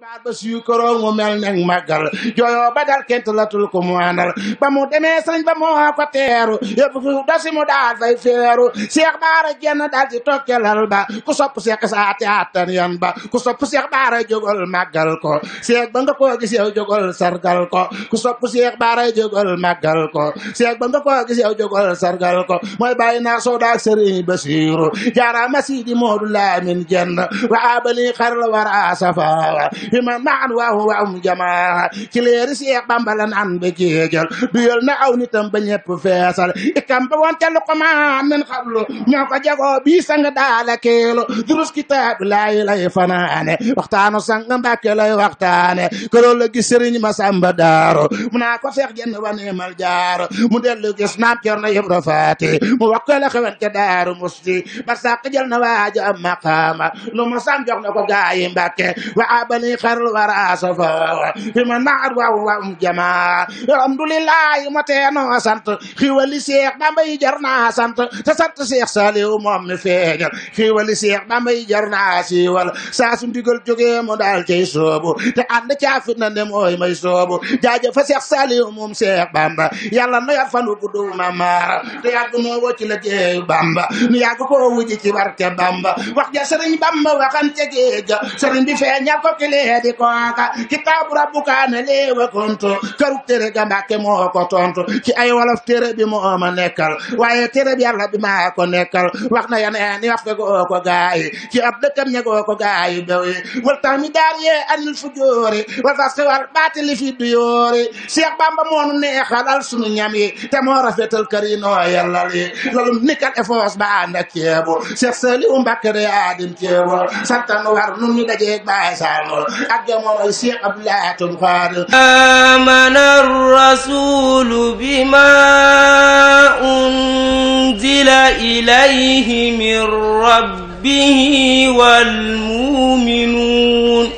baar ba suukaroo mu mel ne màggal jooyoo ba dal kent latul ko mu àndal ba mu demee sëriñ ba moo ko teeru yëpp dosi mu daal fay feeru seex baara jenn daal di toog ba ku sopp seex baara jógal màggal ko seex ba nga koo gis yow jógal sargal ko ku sopp seex baara jógal màggal ko seex ba nga koo gis yow jógal ko mooy bàyyi naa soo daal sëriñ Basiiru jaara masidi moodu laamin jenn wa abali war a safara hima maan waaw waaw jamaa ci leeri Seex Bamba la naan ba jéejal duyal na aw nitam ba ñepp feesal ikam ba wonte luqmaan min xablu ñoo ko jagoo bii daala keelo durus kitaab laay lay fanaane waxtaanu sang Mbàkke lay waxtaane kërool la gis Sëriñ Masamba Daaro mu naa ko feex jenn waneemal jaaro mu dellu gis naam Cerno Ibra Faati mu wakkoo la xewen ca Daaru Musti barsàq jël na waaja am maqaama lu mu sam jox na gaayi Mbàkke xar wara safa fi ma naar waaw wam jamaa alhamdulilah ma teenoo sant xiwali seex bambay jar naa sant ta sant seex saliw ma mi feeñal xiwali seex bambay jar naa siiwal saa su ndigal jógee mu daal cay soobu te ànd caafit na ne mooy may soobu jaajëf fa seex saliw moom seex bamba yàlla nu yar fanu gudd ma maara te yàgg noo wocc la jeeyu bamba nu yàgg koo wuji ci barke bamba wax ja sëriñ bamba waxan ca géej ga bi feeñal ko kilee seedi kooka kitaabu rabbuka ne leewa konto këru tere ga ci ay wolof tere bi moo ma waaye tere bi yàlla ko nekkal wax na yan ee ni wax ko goo ko gaayi ci ab dëkkam ña goo ko gaayi bewi wal tax mi daar yee anil fu wal tax si war baatili fi du yoori Seex Bamba moonu neexalal sunu ñam yi te moo rafetal kër yi nikal efforce ba ànd ak ceebu Seex Saliou Mbàkke re adim ceebu santanu war nun ñu dajeeg baay saanul ak jamonoy Cheikh Abdoulaye Atum Xaar amana rasulu bima unzila ilayhi min rabbihi wal muminuun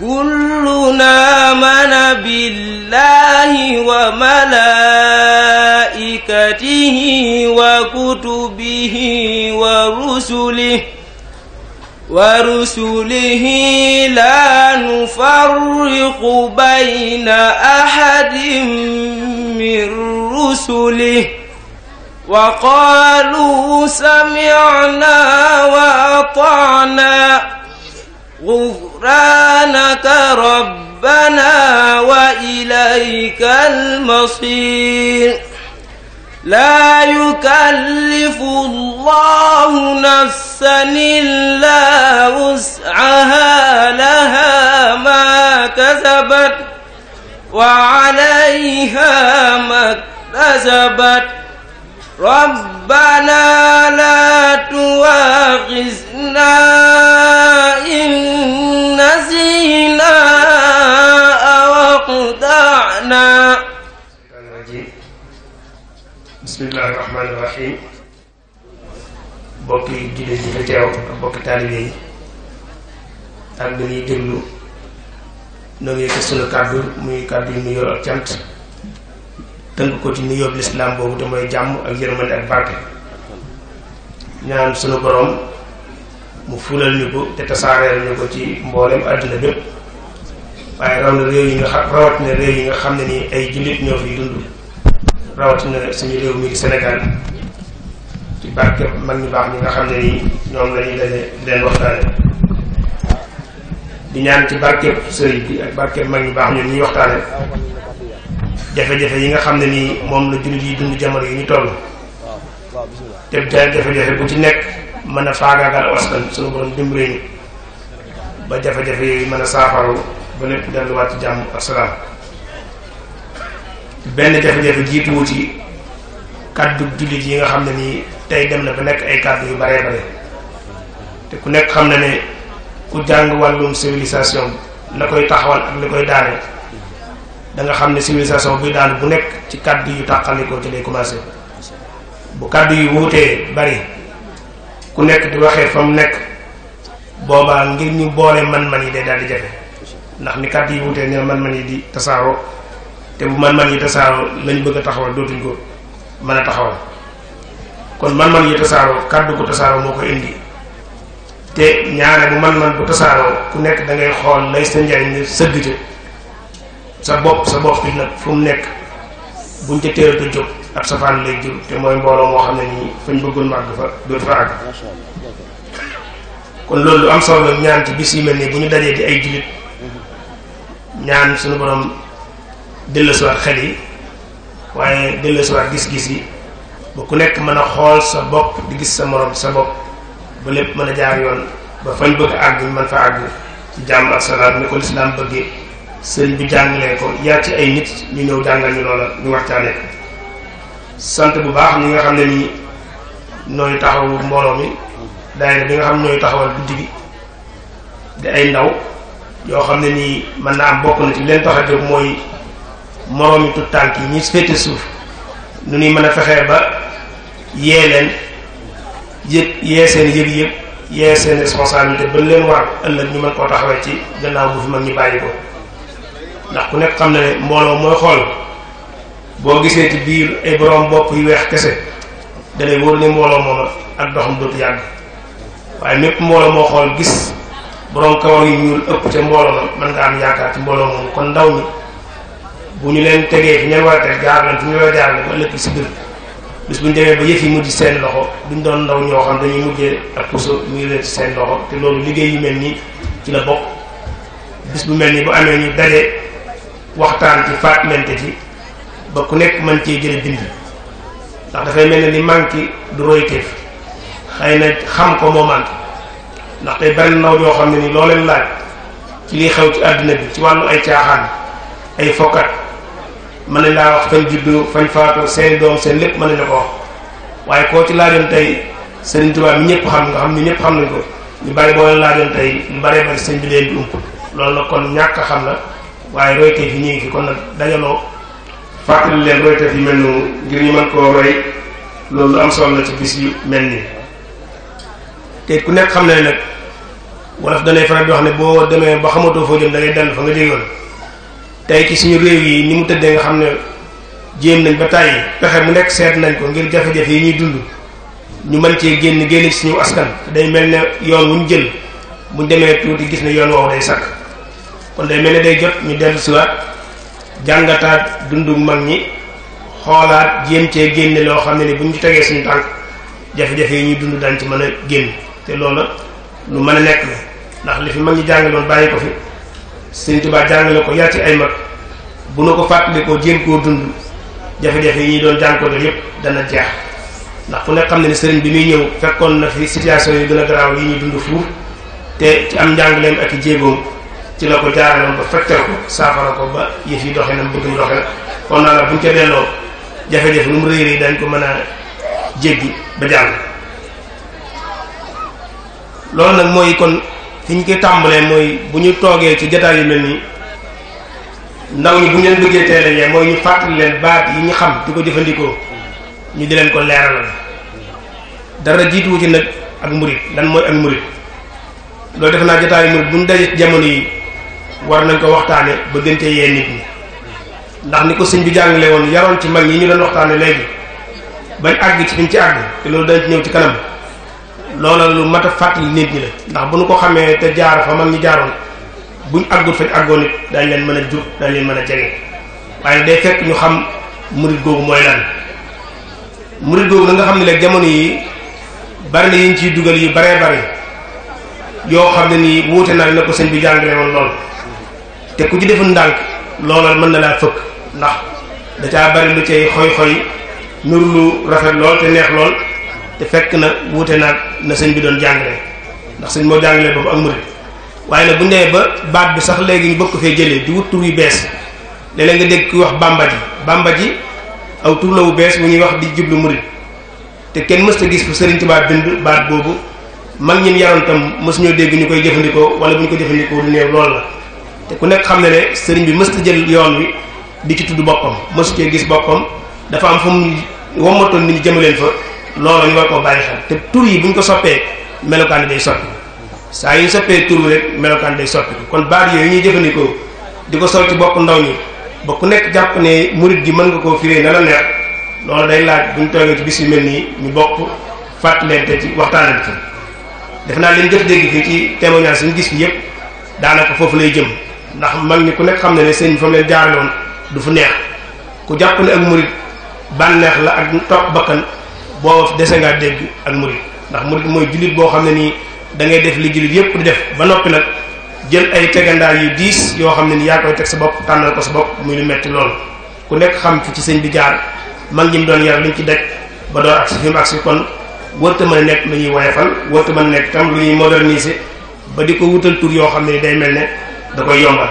kullun amana billahi wa malaikatihi wa kutubihi wa rusulihi ورسله لا نفرق بين أحد من رسله وقالوا سمعنا وأطعنا غفرانك ربنا وإليك المصير laa yukallifu llahu nafsan illaa wus'ahaa lahaa maa kasabat wa alayhaa maktasabat rabbanaa laa tuwaaxiznaa in nasiina bismillaahi rahmaani rahiim bokki jullit yi fi ak bokki taalibe yi ak bi ñuy déglu noo ngi yëkkati kàddu muy kàddu yu nuyoo ak cant tënk ko ci nuyoo lislaam boobu te mooy jàmm ak yërmande ak barke ñaan sunu boroom mu fulal ñu ko te tasaareel ñu ko ci mboolem àdduna bépp waaye raw na réew yi nga xam rawat na réew yi nga xam ne nii ay jullit ñoo fiy dund rawatina suñu réew mi Sénégal ci barke mag ñu baax ñi nga xam ne nii ñoom la ñuy daje di leen waxtaane di ñaan ci barkeb sëriñ bi ak barkeb mag ñu baax ñoom ñuy waxtaane jafe-jafe yi nga xam ne nii moom la jullit yi dund jamono yi ñu toll te jafe-jafe bu ci nekk mën a faagaagal askan suñu borom dimbali ñu ba jafe-jafe yooyu mën a saafaru ba lépp delluwaat ci jàmm ak benn jafe-jafe jiituwu ci kàddu jullit yi nga xam ne nii tey dem na ba nekk ay kàddu yu baree bare te ku nekk xam na ne ku jàng wàllum civilisation la koy taxawal ak li koy daane danga xam ne civilisation buy daan bu nekk ci kàddu yu tàqalikoo ci lay commencé bu kàddu yu wuutee bari ku nekk di waxee fa mu nekk boobaa ngir ñu boole man-man yi de daal di jafe ndax ni kàddu yu wuutee ne man-man yi di tasaaroo te bu man-man yi tasaaroo lañ bëgg a taxawal dootuñ ko mën a taxawal kon man-man yi tasaaroo kàddu ko tasaaroo moo ko indi te ñaare bu man-man bu tasaaroo ku nekk da ngay xool lay sa njariñ nga sëgg ca sa bopp sa bopp bi nag fu mu nekk bu ca teel a jóg ab safaan lay jur te mooy mbooloo moo xam ne nii fañ bëggoon màgg fa dootu fa àgg kon loolu lu am solo ñaan ci bis yu mel nii bu ñu dajee di ay jullit ñaan suñu borom delloosiwaat xel yi waaye delloosiwaat gis-gis yi ba ku nekk mën a xool sa bopp di gis sa morom sa bopp ba lépp mën a jaar yoon ba fañ bëgg àgg ñu mën fa àgg ci jàmm ak salaam ni ko lislaam bëggee sëriñ bi jàngalee ko yaa ci ay nit ñu ñëw jàngal ñu loola ñu waxtaanee ko sant bu baax ñi nga xam ne nii nooy taxawu mbooloo mi daayira bi nga xam nooy taxawal guddi gi di ay ndaw yoo xam ne nii mën naa am bokk na ci leen tax a mooy moroomi tut tànk yi ñu féete suuf nu ñuy mën a fexee ba yee leen yëg yee seen yëg-yëg yee seen responsabilité ba leen war ëllëg ñu mën koo taxawee ci gannaaw bu fi mag ñi bàyyi ko ndax ku nekk xam ne mbooloo mooy xool boo gisee ci biir ay borom bopp yu weex kese dalay wóor ne mbooloo mooma ak doxam dootu yàgg waaye mépp mbooloo moo xool gis borom kawar yu ñuul ëpp ca mbooloo la mën nga am yaakaar ci mbooloo moom kon ndaw mi bu ñu leen tegee fi ñeen war a teg jaar nañ fi ñu war a jaar ëllëg si biir bis bu ñu demee ba yëf yi mujj seen loxo duñ doon ndaw ñoo xam dañuy mujjee ak puso mu ngi leen ci te loolu liggéey mel nii ci bokk bis bu mel nii bu amee ñu daje waxtaan ci fàttalante ci ba ku nekk mën cee jële bind ndax dafay mel na ni manqué du royteef xëy na xam ko moo manqué ndax tey benn ndaw yoo xam ne nii loo leen laaj ci liy xew ci àdduna bi ci wàllu ay caaxaan ay fokkat mën nañ laa wax fañ juddoo fañ faatoo seen doom seen lépp mën nañ la ko wax waaye koo ci laajoon tey Sëriñ Tuubaa mi ñëpp xam nga xam ni ñëpp xam nañ ko ñu bari boo leen laajoon tey ñu baree bari sëñ ñàkk xam la waaye royteef yi ñu kon nag dajaloo fàttali leen royteef yi mel noonu mën koo roy loolu am solo la ci bis yu mel nii te ku nekk xam ne nag wolof danay faral di wax ne boo demee ba xamatoo foo jëm da ngay fa nga jógewoon tey ci suñu réew yi ni mu tëddee nga xam ne jéem nañ ba tàyyi pexe mu nekk seet nañ ko ngir jafe-jafe yi ñuy dund ñu mën cee génn génn ci suñu askan day mel ne yoon wuñ jël buñ demee tuuti gis ne yoon woowu day sakk kon day mel ne day jot ñu dellu siwaat jàngataat dundu mag ñi xoolaat jéem cee génne loo xam ne ni buñ ci tegee suñu tànk jafe-jafe yi ñuy dund daan ci mën a génn te loolu lu mën a nekk la ndax li fi mag ñi jàngaloon bàyyi ko fi sëñ Tuubaa jàngale ko yar ci ay mag bu nu ko fàttalikoo jéem koo dund jafe-jafe yi ñuy doon jànkoonte yépp dana jeex ndax fu nekk xam ne ni sëriñ bi muy ñëw fekkoon na fi situation yu gën a garaaw yi ñuy dund fuuf te ci am njàngaleem ak i jéegoom ci la ko jaaraloon ba fekkel ko saafara ko ba yëf yi doxee na bëgg mu doxee kon naa la buñ ca delloo jafe-jafe lu mu rëy rëy dañ ko mën a jéggi ba jàll loolu nag mooy kon fi ñu koy tàmbalee mooy bu ñu toogee ci jotaay yu mel nii ndaw ñi bu ñu leen bëggee teele yee mooy ñu fàttali leen baat yi ñu xam di ko jëfandikoo ñu di leen ko leeral leeralal dara jiituwu ci nag ak murit lan mooy ak murit loolu def naa jotaayu murit bu ñu daje jamono yi war nañ ko waxtaane ba gën yee nit ñi ndax ni ko sëñ bi jàngale woon yaroon ci mag ñi ñu doon waxtaane léegi bañ àgg ci fiñ ci àgg te loolu dañ ñëw ci kanam loola lu mat a fàttali nit ñi la ndax bu nu ko xamee te jaar fa mag ñi jaaroon buñ àggut fañ àggoon it dañ leen mën a jur dañ leen mën a jege waaye day fekk ñu xam murit googu mooy lan murit googu la nga xam ne léegi jamono yi bari na yiñ ciy dugal yi baree bari yoo xam ne nii wuute naa na ko sëñ bi jàngale woon lool te ku ci deful ndànk loola mën na laa fëkk ndax da caa bari lu cay xoy-xoy nur lu rafet lool te neex lool te fekk na wuute naa na sëñ bi doon jàngale ndax sëñ moo jàngale boobu ak murid waaye nag bu nee ba baat bi sax léegi ñu bëgg ko fee jëlee di wut tur yu bees léeg-léeg nga dégg ku wax bamba ji bamba ji aw tur la bees bu ñuy wax di jublu murid te kenn mësta gis fu sëriñ Tuubaa bind baat boobu mag ñim yaroon tam mës dégg ñu koy jëfandikoo wala bu ñu ko jëfandikoo lu néew lool la te ku nekk xam ne ne sëriñ bi mësta jël yoon wi di ci tudd boppam mësu cee gis boppam dafa am fu mu wommatoon nit ñi jëmaleen fa loolu ñu war koo bàyyi xel te tur yi bu ñu ko soppee melokaan day soppi saa yu ñu soppee tur rek melokaan day soppi kon baat yooyu ñuy jëfandikoo di ko sol ci bopp ndaw ñi ba ku nekk jàpp ne murit gi mën nga koo fiire na la neex loolu day laaj bu ñu toogee ci bis yu mel nii ñu bokk fàttalante ci waxtaanante def naa leen jëf dégg fii ci témoignage suñu gis bi yëpp daanaka foofu lay jëm ndax mag ñi ku nekk xam ne ne seen bi fa mu leen du fu neex ku jàpp ne ak murit bànneex la ak topp bakkan boo dese ngaa dégg ak murid ndax murid mooy jullit boo xam ne nii da ngay def li jullit yépp di def ba noppi nag jël ay tegandaar yu diis yoo xam ne ni yaa koy teg sa bopp tànnal ko sa bopp muy lu metti loolu ku nekk xam fi ci sëñ bi jaar mag ñi mu doon yar liñ ci daj ba doon ak si fi ak si kon wërta mën a nekk lu ñuy woyefal wërta mën a nekk tam lu ñuy moderniser ba di ko wutal tur yoo xam ne ni day mel ne da koy yombal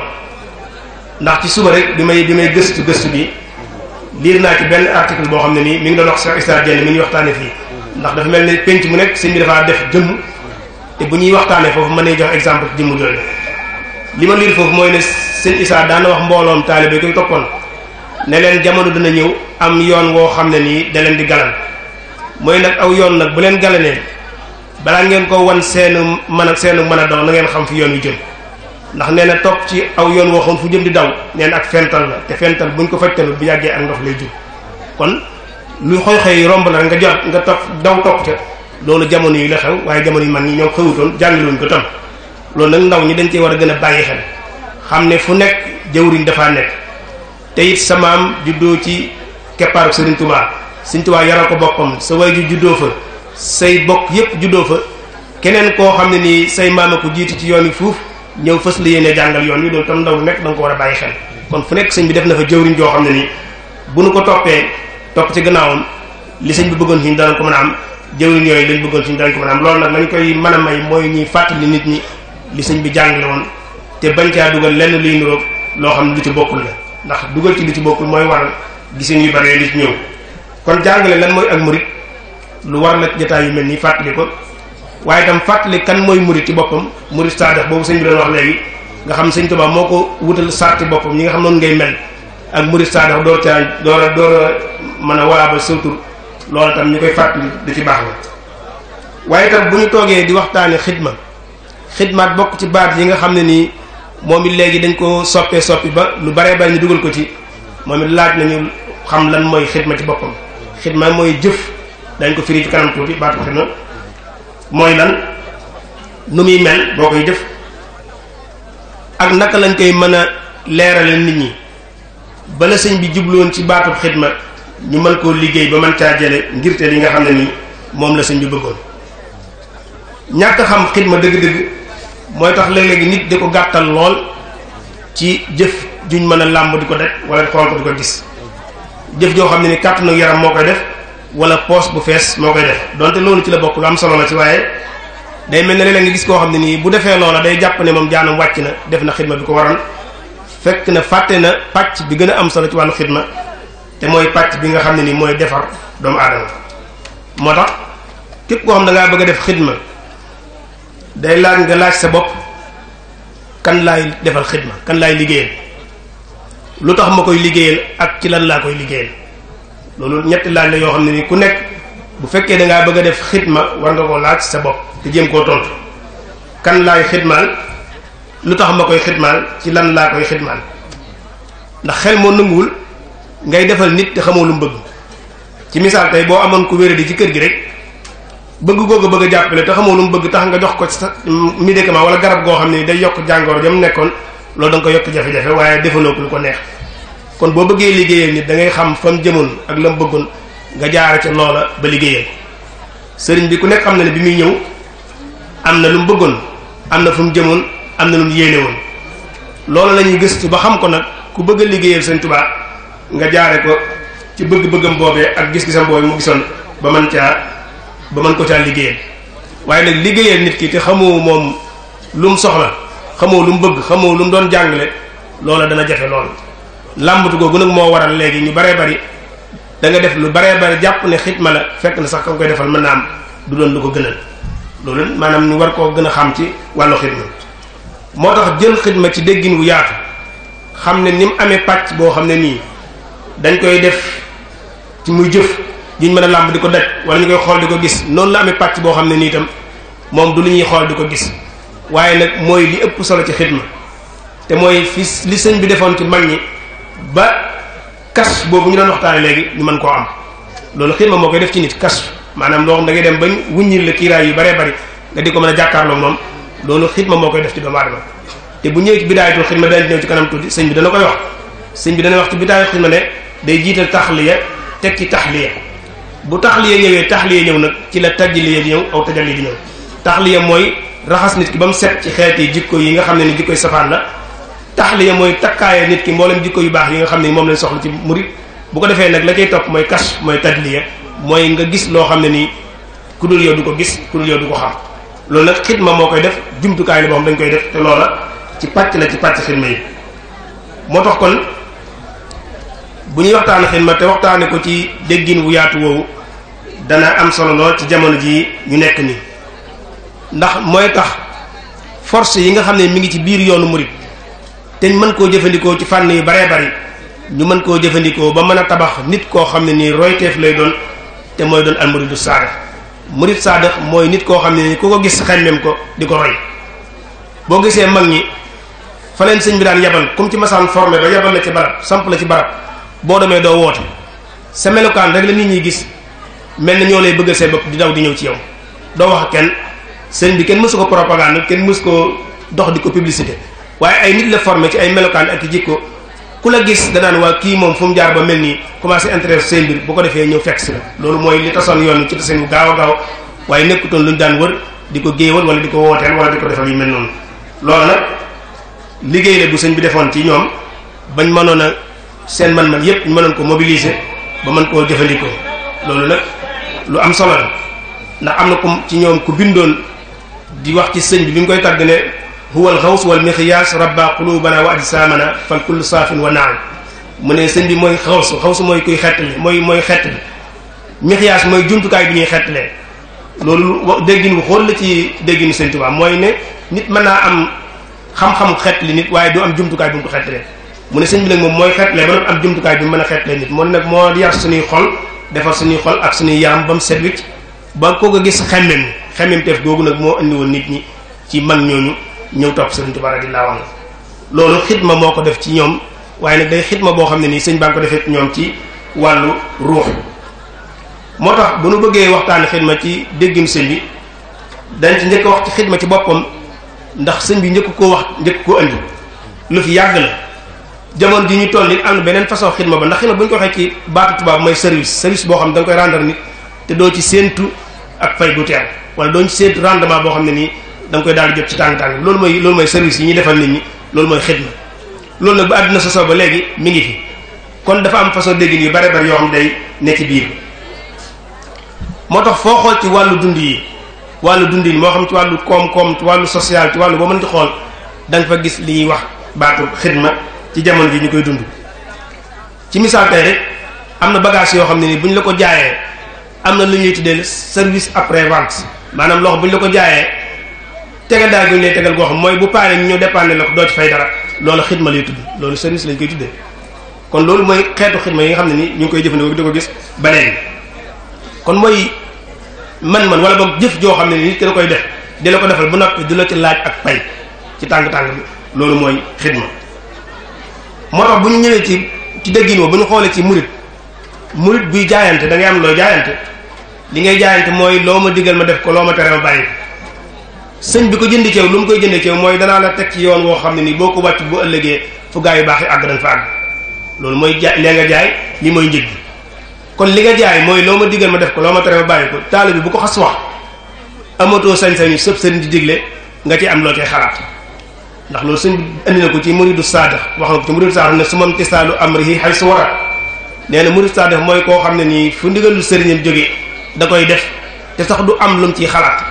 ndax ci suba rek bi may bi may gëstu gëstu bi liir naa ci benn article boo xam ne nii mi ngi doon wax Cheikh Issa Dieng mi ngi waxtaane fii ndax dafa mel ni penc mu nekk sëñ bi dafaa def jëmm te bu ñuy waxtaane foofu mën ne jox exemple ci jëmm jooju li ma liir foofu mooy ne sëñ Issa daana wax mbooloom taalibe koy toppoon ne leen jamono dina ñëw am yoon woo xam ne nii da leen di galan mooy nag aw yoon nag bu leen galanee balaa ngeen ko wan seenu man a seenu mën a dox na ngeen xam fi yoon yu jëm ndax nee na topp ci aw yoon waxoon fu jëm di daw nee na ak fental la te fental ñu ko fajtalu bu yàggee ak ndox lay jur kon lu xoy-xoy romb la nga jot nga topp daw topp ca loolu jamono yi la xew waaye jamono yi man ñi ñoom xewutoon jàngiluñ ko tam loolu nag ndaw ñi dañ cee war a gën a bàyyi xel xam ne fu nekk jëwriñ dafaa nekk te it sa maam juddoo ci keppaaru Sëriñ Tuubaa Sëriñ Tuubaa yaral ko boppam sa way ju juddoo fa say bokk yépp juddoo fa keneen koo xam ne nii say maama ko jiitu ci yoon yi fuuf ñëw fës la yéene jàngal yoon wi loolu tam ndaw lu nekk da ko war a bàyyi xel kon fu nekk sëñ bi def na fa jëwriñ joo xam ne nii bu nu ko toppee topp ci gannaawam li sëñ bi bëggoon siñ danañ ko mën a am jëwriñ yooyu lañ bëggoon siñ danañ ko mën a am loolu nag lañ koy mën a may mooy ñuy fàttali nit ñi li sëñ bi jàngale woon te bañ caa dugal lenn liy niroog loo xam ne lu ci bokkul la ndax dugal ci lu ci bokkul mooy waral gisin yu bare li ci ñëw kon jàngale lan mooy ak murit lu war la jotaay yu mel nii fàttali ko waaye itam fàttali kan mooy murit ci boppam murit saadax boobu sëñ bi doon wax léegi nga xam sëñ Tuubaa moo ko wutal sarti boppam ñi nga xam noonu ngay mel ak murit saadax door a door a mën a waaba sawtur loolu tam ñu da ci baax la bu ñu toogee di waxtaane xidma xidmaat bokk ci baat yi nga xam ne nii moom it léegi dañ ko soppee soppi ba lu baree bari ñu dugal ko ci moom it laaj nañu xam lan mooy xidma ci boppam xidma mooy jëf dañ ko firi ci kanam tuuti baat ko xidma mooy lan nu muy mel boo koy jëf ak naka lañ koy mën a leerale nit ñi bala sëñ bi jubloon ci baatub xidma ñu mën koo liggéey ba mën caa jële ngirte li nga xam ne nii moom la sëñ bi bëggoon ñàkk xam xidma dëgg-dëgg mooy tax léeg-léegi nit di ko gàttal lool ci jëf juñ mën a làmb di ko def wala xool ko di ko gis jëf joo xam ne ni kàttanu yaram moo koy def wala poos bu fees moo koy def donte loolu ci la bokk lu am solo la ci waaye day mel ne léeg-léeg nga gis koo xam ne nii bu defee loola day jàpp ne moom jaanam wàcc na def na xidma bi ko waral fekk na fàtte na pàcc bi gën a am solo ci wàllu xidma te mooy pàcc bi nga xam ne nii mooy defar doomu aadama moo tax képp koo xam da bëgg a def xidma day laaj nga laaj sa bopp kan laay defal xidma kan laay liggéeyal lu tax ma koy liggéeyal ak ci lan laa koy liggéeyal loolu ñetti laaj la yoo xam ne ni ku nekk bu fekkee dangaa bëgg a def xitma war nga koo laaj sa bopp te jéem koo tontu kan laay xidmaal lu tax ma koy xidmaal ci lan laa koy xidmaal ndax xel moo nanguwul ngay defal nit te xamoo lu mu bëgg ci misaal tey boo amoon ku wéradi ci kër gi rek bëgg googu bëgg a jàppale te xamoo lu mu bëgg tax nga jox ko sa médicament wala garab goo xam ne day yokk jàngoro jam nekkoon loolu da ko yokk jafe-jafe waaye defaloo ko lu ko neex kon boo bëggee liggéeyal nit da ngay xam fam jëmoon ak la mu bëggoon nga jaara ca loola ba liggéeyal sëriñ bi ku nekk xam na ne bi muy ñëw am na lu mu bëggoon am na fu mu jëmoon am na lu mu yéene woon loolu la ñuy gëstu ba xam ko nag ku bëgg a liggéeyal sëñ Tuubaa nga jaare ko ci bëgg bëgg boobee ak gis-gisam boobee mu gisoon ba man caa ba mën ko caa liggéeyal waaye nag liggéeyal nit ki te xamoo moom lu mu soxla xamoo lu mu bëgg xamoo lu mu doon jàngale loola dana jafe lool làmbatu googu nag moo waral léegi ñu baree bari da def lu baree bari jàpp ne xitma la fekk na sax ka koy defal mën naa am du doon lu ko gënal loolu maanaam ñu war koo gën a xam ci wàllu xitma moo tax jël xitma ci déggin wu yaatu xam ne ni mu amee pàcc boo xam ne nii dañ koy def ci mu jëf jiñ mën a làmb di ko daj wala ñu koy xool di ko gis noonu la amee pàcc boo xam ne nii itam moom du lu ñuy xool di ko gis waaye nag mooy li ëpp solo ci xitma te mooy fi li bi defoon ci mag ñi ba kas boobu ñu doon waxtaane léegi ñu mën koo am loolu xidma moo koy def ci nit kas maanaam loo xam da ngay dem ba wuññil la kiiraay yu baree bari nga di ko mën a jàkkaarloo moom loolu xidma moo koy def ci doomu aadama te bu ñëwee ci bidaayatul xidma dañ ñëw ci kanam tuuti sëñ bi dana koy wax sëñ bi dana wax ci bidaayatul xidma ne day jiital taxliya teg ci taxliya bu taxliya ñëwee taxliya ñëw nag ci la tajliya di ñëw aw tajali di ñëw taxliya mooy raxas nit ki ba mu set ci xeet yi jikko yi nga xam ne ni jikkoy safaan la taxliya mooy takkaaya nit ki mboolem jikko yu baax yi nga xam ne moom lañ soxla ci murit bu ko defee nag la cay topp mooy kas mooy tadliya mooy nga gis loo xam ne nii ku dul du ko gis ku dul du ko xam loolu nag xidma moo koy def jumtukaay la boo xam dañ koy def te loola ci pàcc la ci pàcc xidma moo tax kon bu ñuy waxtaan xidma te waxtaane ko ci déggin wu yaatu woowu dana am solo lool ci jamono ji ñu nekk nii ndax mooy tax force yi nga xam ne mu ngi ci biir yoonu murit te mën koo jëfandikoo ci fànn yi baree bari ñu mën koo jëfandikoo ba mën a tabax nit koo xam ne nii royteef lay doon te mooy doon al muridu saadax murid saadax mooy nit koo xam ne nii ku ko gis xemmeem ko di ko roy boo gisee mag ñi fa sëñ bi daan yabal comme ci masaan formé ba yabal la ci barab samp la ci barab boo demee doo woote sa melokaan rek la nit ñuy gis mel na ñoo lay bëggal seen bopp di daw di ñëw ci yow doo wax kenn sëñ bi kenn mësu ko propagande kenn mësu ko dox di ko publicité waaye ay nit la formé ci ay melokaan ak i jikko ku la gis danaan waa kii moom fu mu jaar ba mel nii commencé intéresse say mbir bu ko defee ñëw fekk si la loolu mooy li tasoon yoon ci tasen bu gaaw a gaaw waaye nekkutoon lu ñu daan wër di ko géewal wala di ko wooteel wala di ko defal yu mel noonu loolu nag liggéey la bu sëñ bi defoon ci ñoom bañ mënoon a seen man-man yépp ñu mënoon ko mobiliser ba mën koo jëfandikoo loolu nag lu am solo la ndax am na ku ci ñoom ku bindoon wax ci sëñ bi bi koy tàgg huwa alxaws wal mixiyaas rabba qulubana wa ajsamana fal kullu saafin wa naam mu ne sëñ bi mooy xaws xaws mooy kuy xettali mooy mooy xettali mixiyaas mooy jumtukaay bi ñuy xettalee loolu déggin wu xool la ci dégginu sëñ Tuubaa mooy ne nit mën naa am xam-xamu li nit waaye du am jumtukaay bu mu ko xettalee mu ne sëñ bi nag moom mooy xettalee ba am jumtukaay bi mu mën a xettalee nit moom nag moo yar suñuy xol defar suñuy xol ak suñuy yaram ba mu set wicc ba koo ko gis xemmem xemmem teef googu nag moo indiwoon nit ñi ci mag ñooñu ñëw topp sëriñ Tuubaa radiyallaahu anhu loolu xidma moo ko def ci ñoom waaye nag day xidma boo xam ne nii sëñ baa ko defee ñoom ci wàllu ruux moo tax bu nu bëggee waxtaan xidma ci déggin sëñ bi dañ ci njëkk wax ci xidma ci boppam ndax sëñ bi njëkk koo wax njëkk koo indi lu fi yàgg la jamono ji ñu toll it am na beneen façon xidma ba ndax xidma bu ñu ko waxee ci baatu tubaab mooy service service boo xam ne da nga koy rendre nit te doo ci séentu ak fay gu teer wala doo ci séentu rendement boo xam ne nii da koy daal di jot ci tàng-tàng loolu mooy loolu mooy service yi ñuy defal nit ñi loolu mooy xidma loolu nag ba àdduna sosoo ba léegi mi ngi fi kon dafa am façon déggin yu bare bare yoo xam day nekk ci biir moo tax foo xool ci wàllu dund yi wàllu dund yi moo xam ci wàllu koom ci wàllu social ci wàllu boo man di xool da fa gis li ñuy wax baatu xidma ci jamono ji ñu koy dund ci misaal tey rek am na bagage yoo xam ne nii bu ñu la ko jaayee am na lu ñuy tuddee service après vente maanaam loxo bu la ko jaayee tegal daal gi ñu lay tegal goo xam mooy bu paane ñu ñëw dépanne la ko doo ci fay dara loolu xidma lay tudd loolu service lañ koy tuddee loolu mooy xeetu xidma yi nga xam ne ni ñu ngi koy jëfandikoo di ko gis ba léegi kon mooy man-man wala boog jëf joo xam ne nii nit ki da koy def di la ko defal bu noppi di la ci laaj ak pay ci tàng-tàng bi loolu mooy xidma moo tax bu ñu ñëwee ci ci déggin wo bu ñu xoolee ci murit murit buy jaayante da ngay am loo jaayante li ngay jaayante mooy loo ma digal ma def ko loo ma tere ma bàyyi sëñ bi ko jënd ceew lu mu koy jënd ceew mooy danaa la teg ci yoon woo xam ne nii boo ko wàcc bu ëllëgee fu gaa yu baax yi àgg dañ fa àgg loolu mooy jaay lee nga jaay li mooy njëg kon li nga jaay mooy loo ma digal ma def ko loo ma tere ma bàyyi ko taali bi bu ko xas wax amatoo sañ-sañu sëb sëriñ di digle nga ci am loo cay xalaat ndax loolu sëñ bi andi na ko ci muridu saadax wax na ko ci muridu saadax ne su mam tisaalu amrihi xay su war a nee na muridu saadax mooy koo xam ne nii fu ndigalul sëriñam jóge da koy def te sax du am lu mu ciy xalaat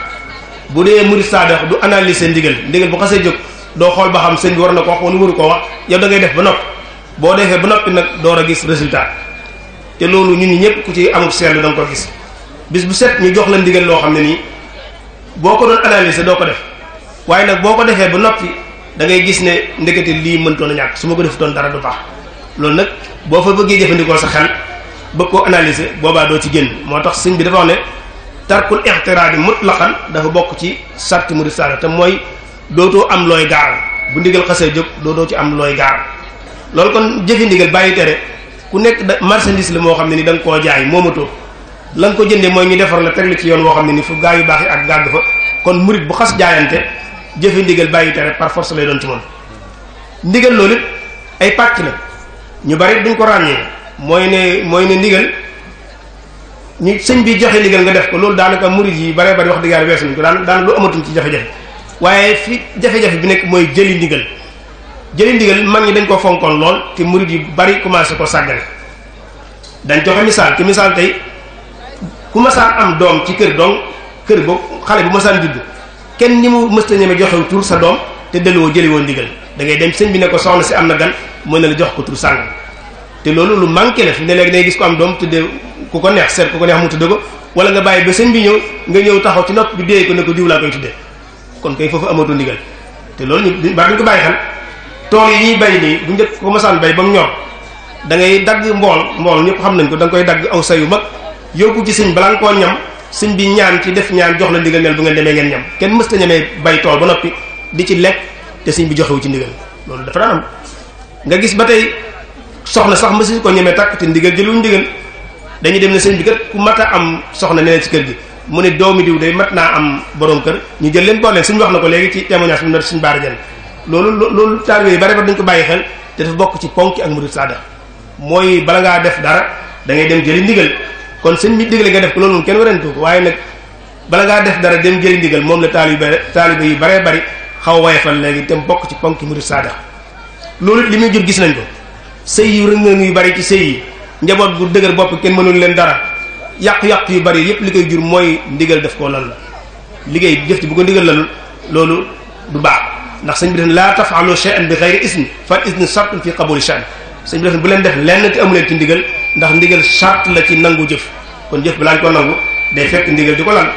bu dee murid saadix du analyser ndigal ndigal bu xasee jóg doo xool ba xam sëñ bi war na ko wax woon waru koo wax yow da ngay def ba noppi boo defee ba noppi nag door a gis résultat te loolu ñun ñi ñëpp ku ci amul seetlu da ko gis bis bu set ñu jox la ndigal loo xam ne nii boo ko doon analyser doo ko def waaye nag boo ko defee ba noppi da ngay gis ne ndekete lii mëntoon a ñàkk su ma ko def doon dara du baax loolu nag boo fa bëggee jëfandikoo sa xel bëgg koo analyser boobaa doo ci génn moo tax sëñ bi dafa wax ne tarkul ixtiraadi mutlaqan dafa bokk ci sarti mu risaala te mooy dootoo am looy gaar bu ndigal xasee jóg dootoo ci am looy gaar loolu kon jëfi ndigal bàyyi tere ku nekk da marchandise la moo xam ne ni da ko koo jaay moomatoo la nga ko jëndee mooy ñu defar la teg la ci yoon woo xam ne ni fu gaa yu baax yi ak gàgg fa kon murit bu xas jaayante jëfi ndigal bàyyi tere par force lay doon ci moom ndigal loolu ay pàcc la ñu bari duñ ko ràññee mooy ne mooy ne ñu sëñ bi joxe ndigal nga def ko loolu daanaka murid yi bare bari wax dëgg yàlla weesu nañ ko daan daan lu amatuñ ci jafe-jafe waaye fi jafe-jafe bi nekk mooy jëli ndigal jëli ndigal mag ñi dañ ko fonkoon lool te murid yu bari commencé ko sàggane dañ joxe misaal ci misaal tey ku masaan am doom ci kër dong kër boobu xale bu masaan judd kenn ni mu mësta ñeme joxe tur sa doom te delluwoo jëliwoo ndigal da ngay dem sëñ bi ne ko soxna si am na gan mën na la jox ko tur sàngam te loolu lu manqué la fi ne léegi day gis ko am doom tudde ku ko neex seet ku ko neex mu tudde ko wala nga bàyyi ba sëñ bi ñëw nga ñëw taxaw ci nopp bi déyee ko ne ko diw laa koy tudde kon koy foofu amatul ndigal te loolu ñu baax duñ ko bàyyi xel tool yi ñuy bay nii bu njëkk ko masaan bay ba mu da ngay dagg mbool mbool ñëpp xam nañ ko da nga koy dagg aw sayu mag yóbbu ci sëñ balaa nga koo ñam sëñ bi ñaan ci def ñaan jox la ndigal neel bu ngeen demee ngeen ñam kenn mës ta ñamee bay tool ba noppi di ci lekk te sëñ bi joxewu ci ndigal loolu dafa nga gis ba tey soxna sax mësuñu ko ñemee takk te ndigal jëluñu ndigal dañuy dem ne sëñ bi kat ku mat a am soxna neneen ci kër gi mu ne doomi diw day mat naa am borom kër ñu jël leen boole leen suñu wax na ko léegi ci témoignage bi na suñu baara jël loolu loolu taalibe bari ba dañ ko bàyyi xel te bokk ci ponki ak murid saada mooy bala ngaa def dara da ngay dem jëli ndigal kon sëñ bi digle nga def ko loolu moom kenn ko waaye nag bala ngaa def dara dem jëli ndigal moom la taalibe taalibe yi baree bari xaw wayefal léegi dem bokk ci ponki murid saada loolu li muy jur gis nañ ko sëy yu rëngën yu bari ci sëy yi njaboot gu dëgër bopp kenn mënul leen dara yàq-yàq yu bari yépp li koy jur mooy ndigal def ko lan la liggéey jëf ci bu ko ndigal lalul loolu du baax ndax sëñ bi def laa tafaalu shay'an bi xayri isni fa isni shartun fi qabuli shay'an sëñ bi def bu leen def lenn te amuleen ci ndigal ndax ndigal shart la ci nangu jëf kon jëf balaa ñu ko nangu day fekk ndigal di ko lan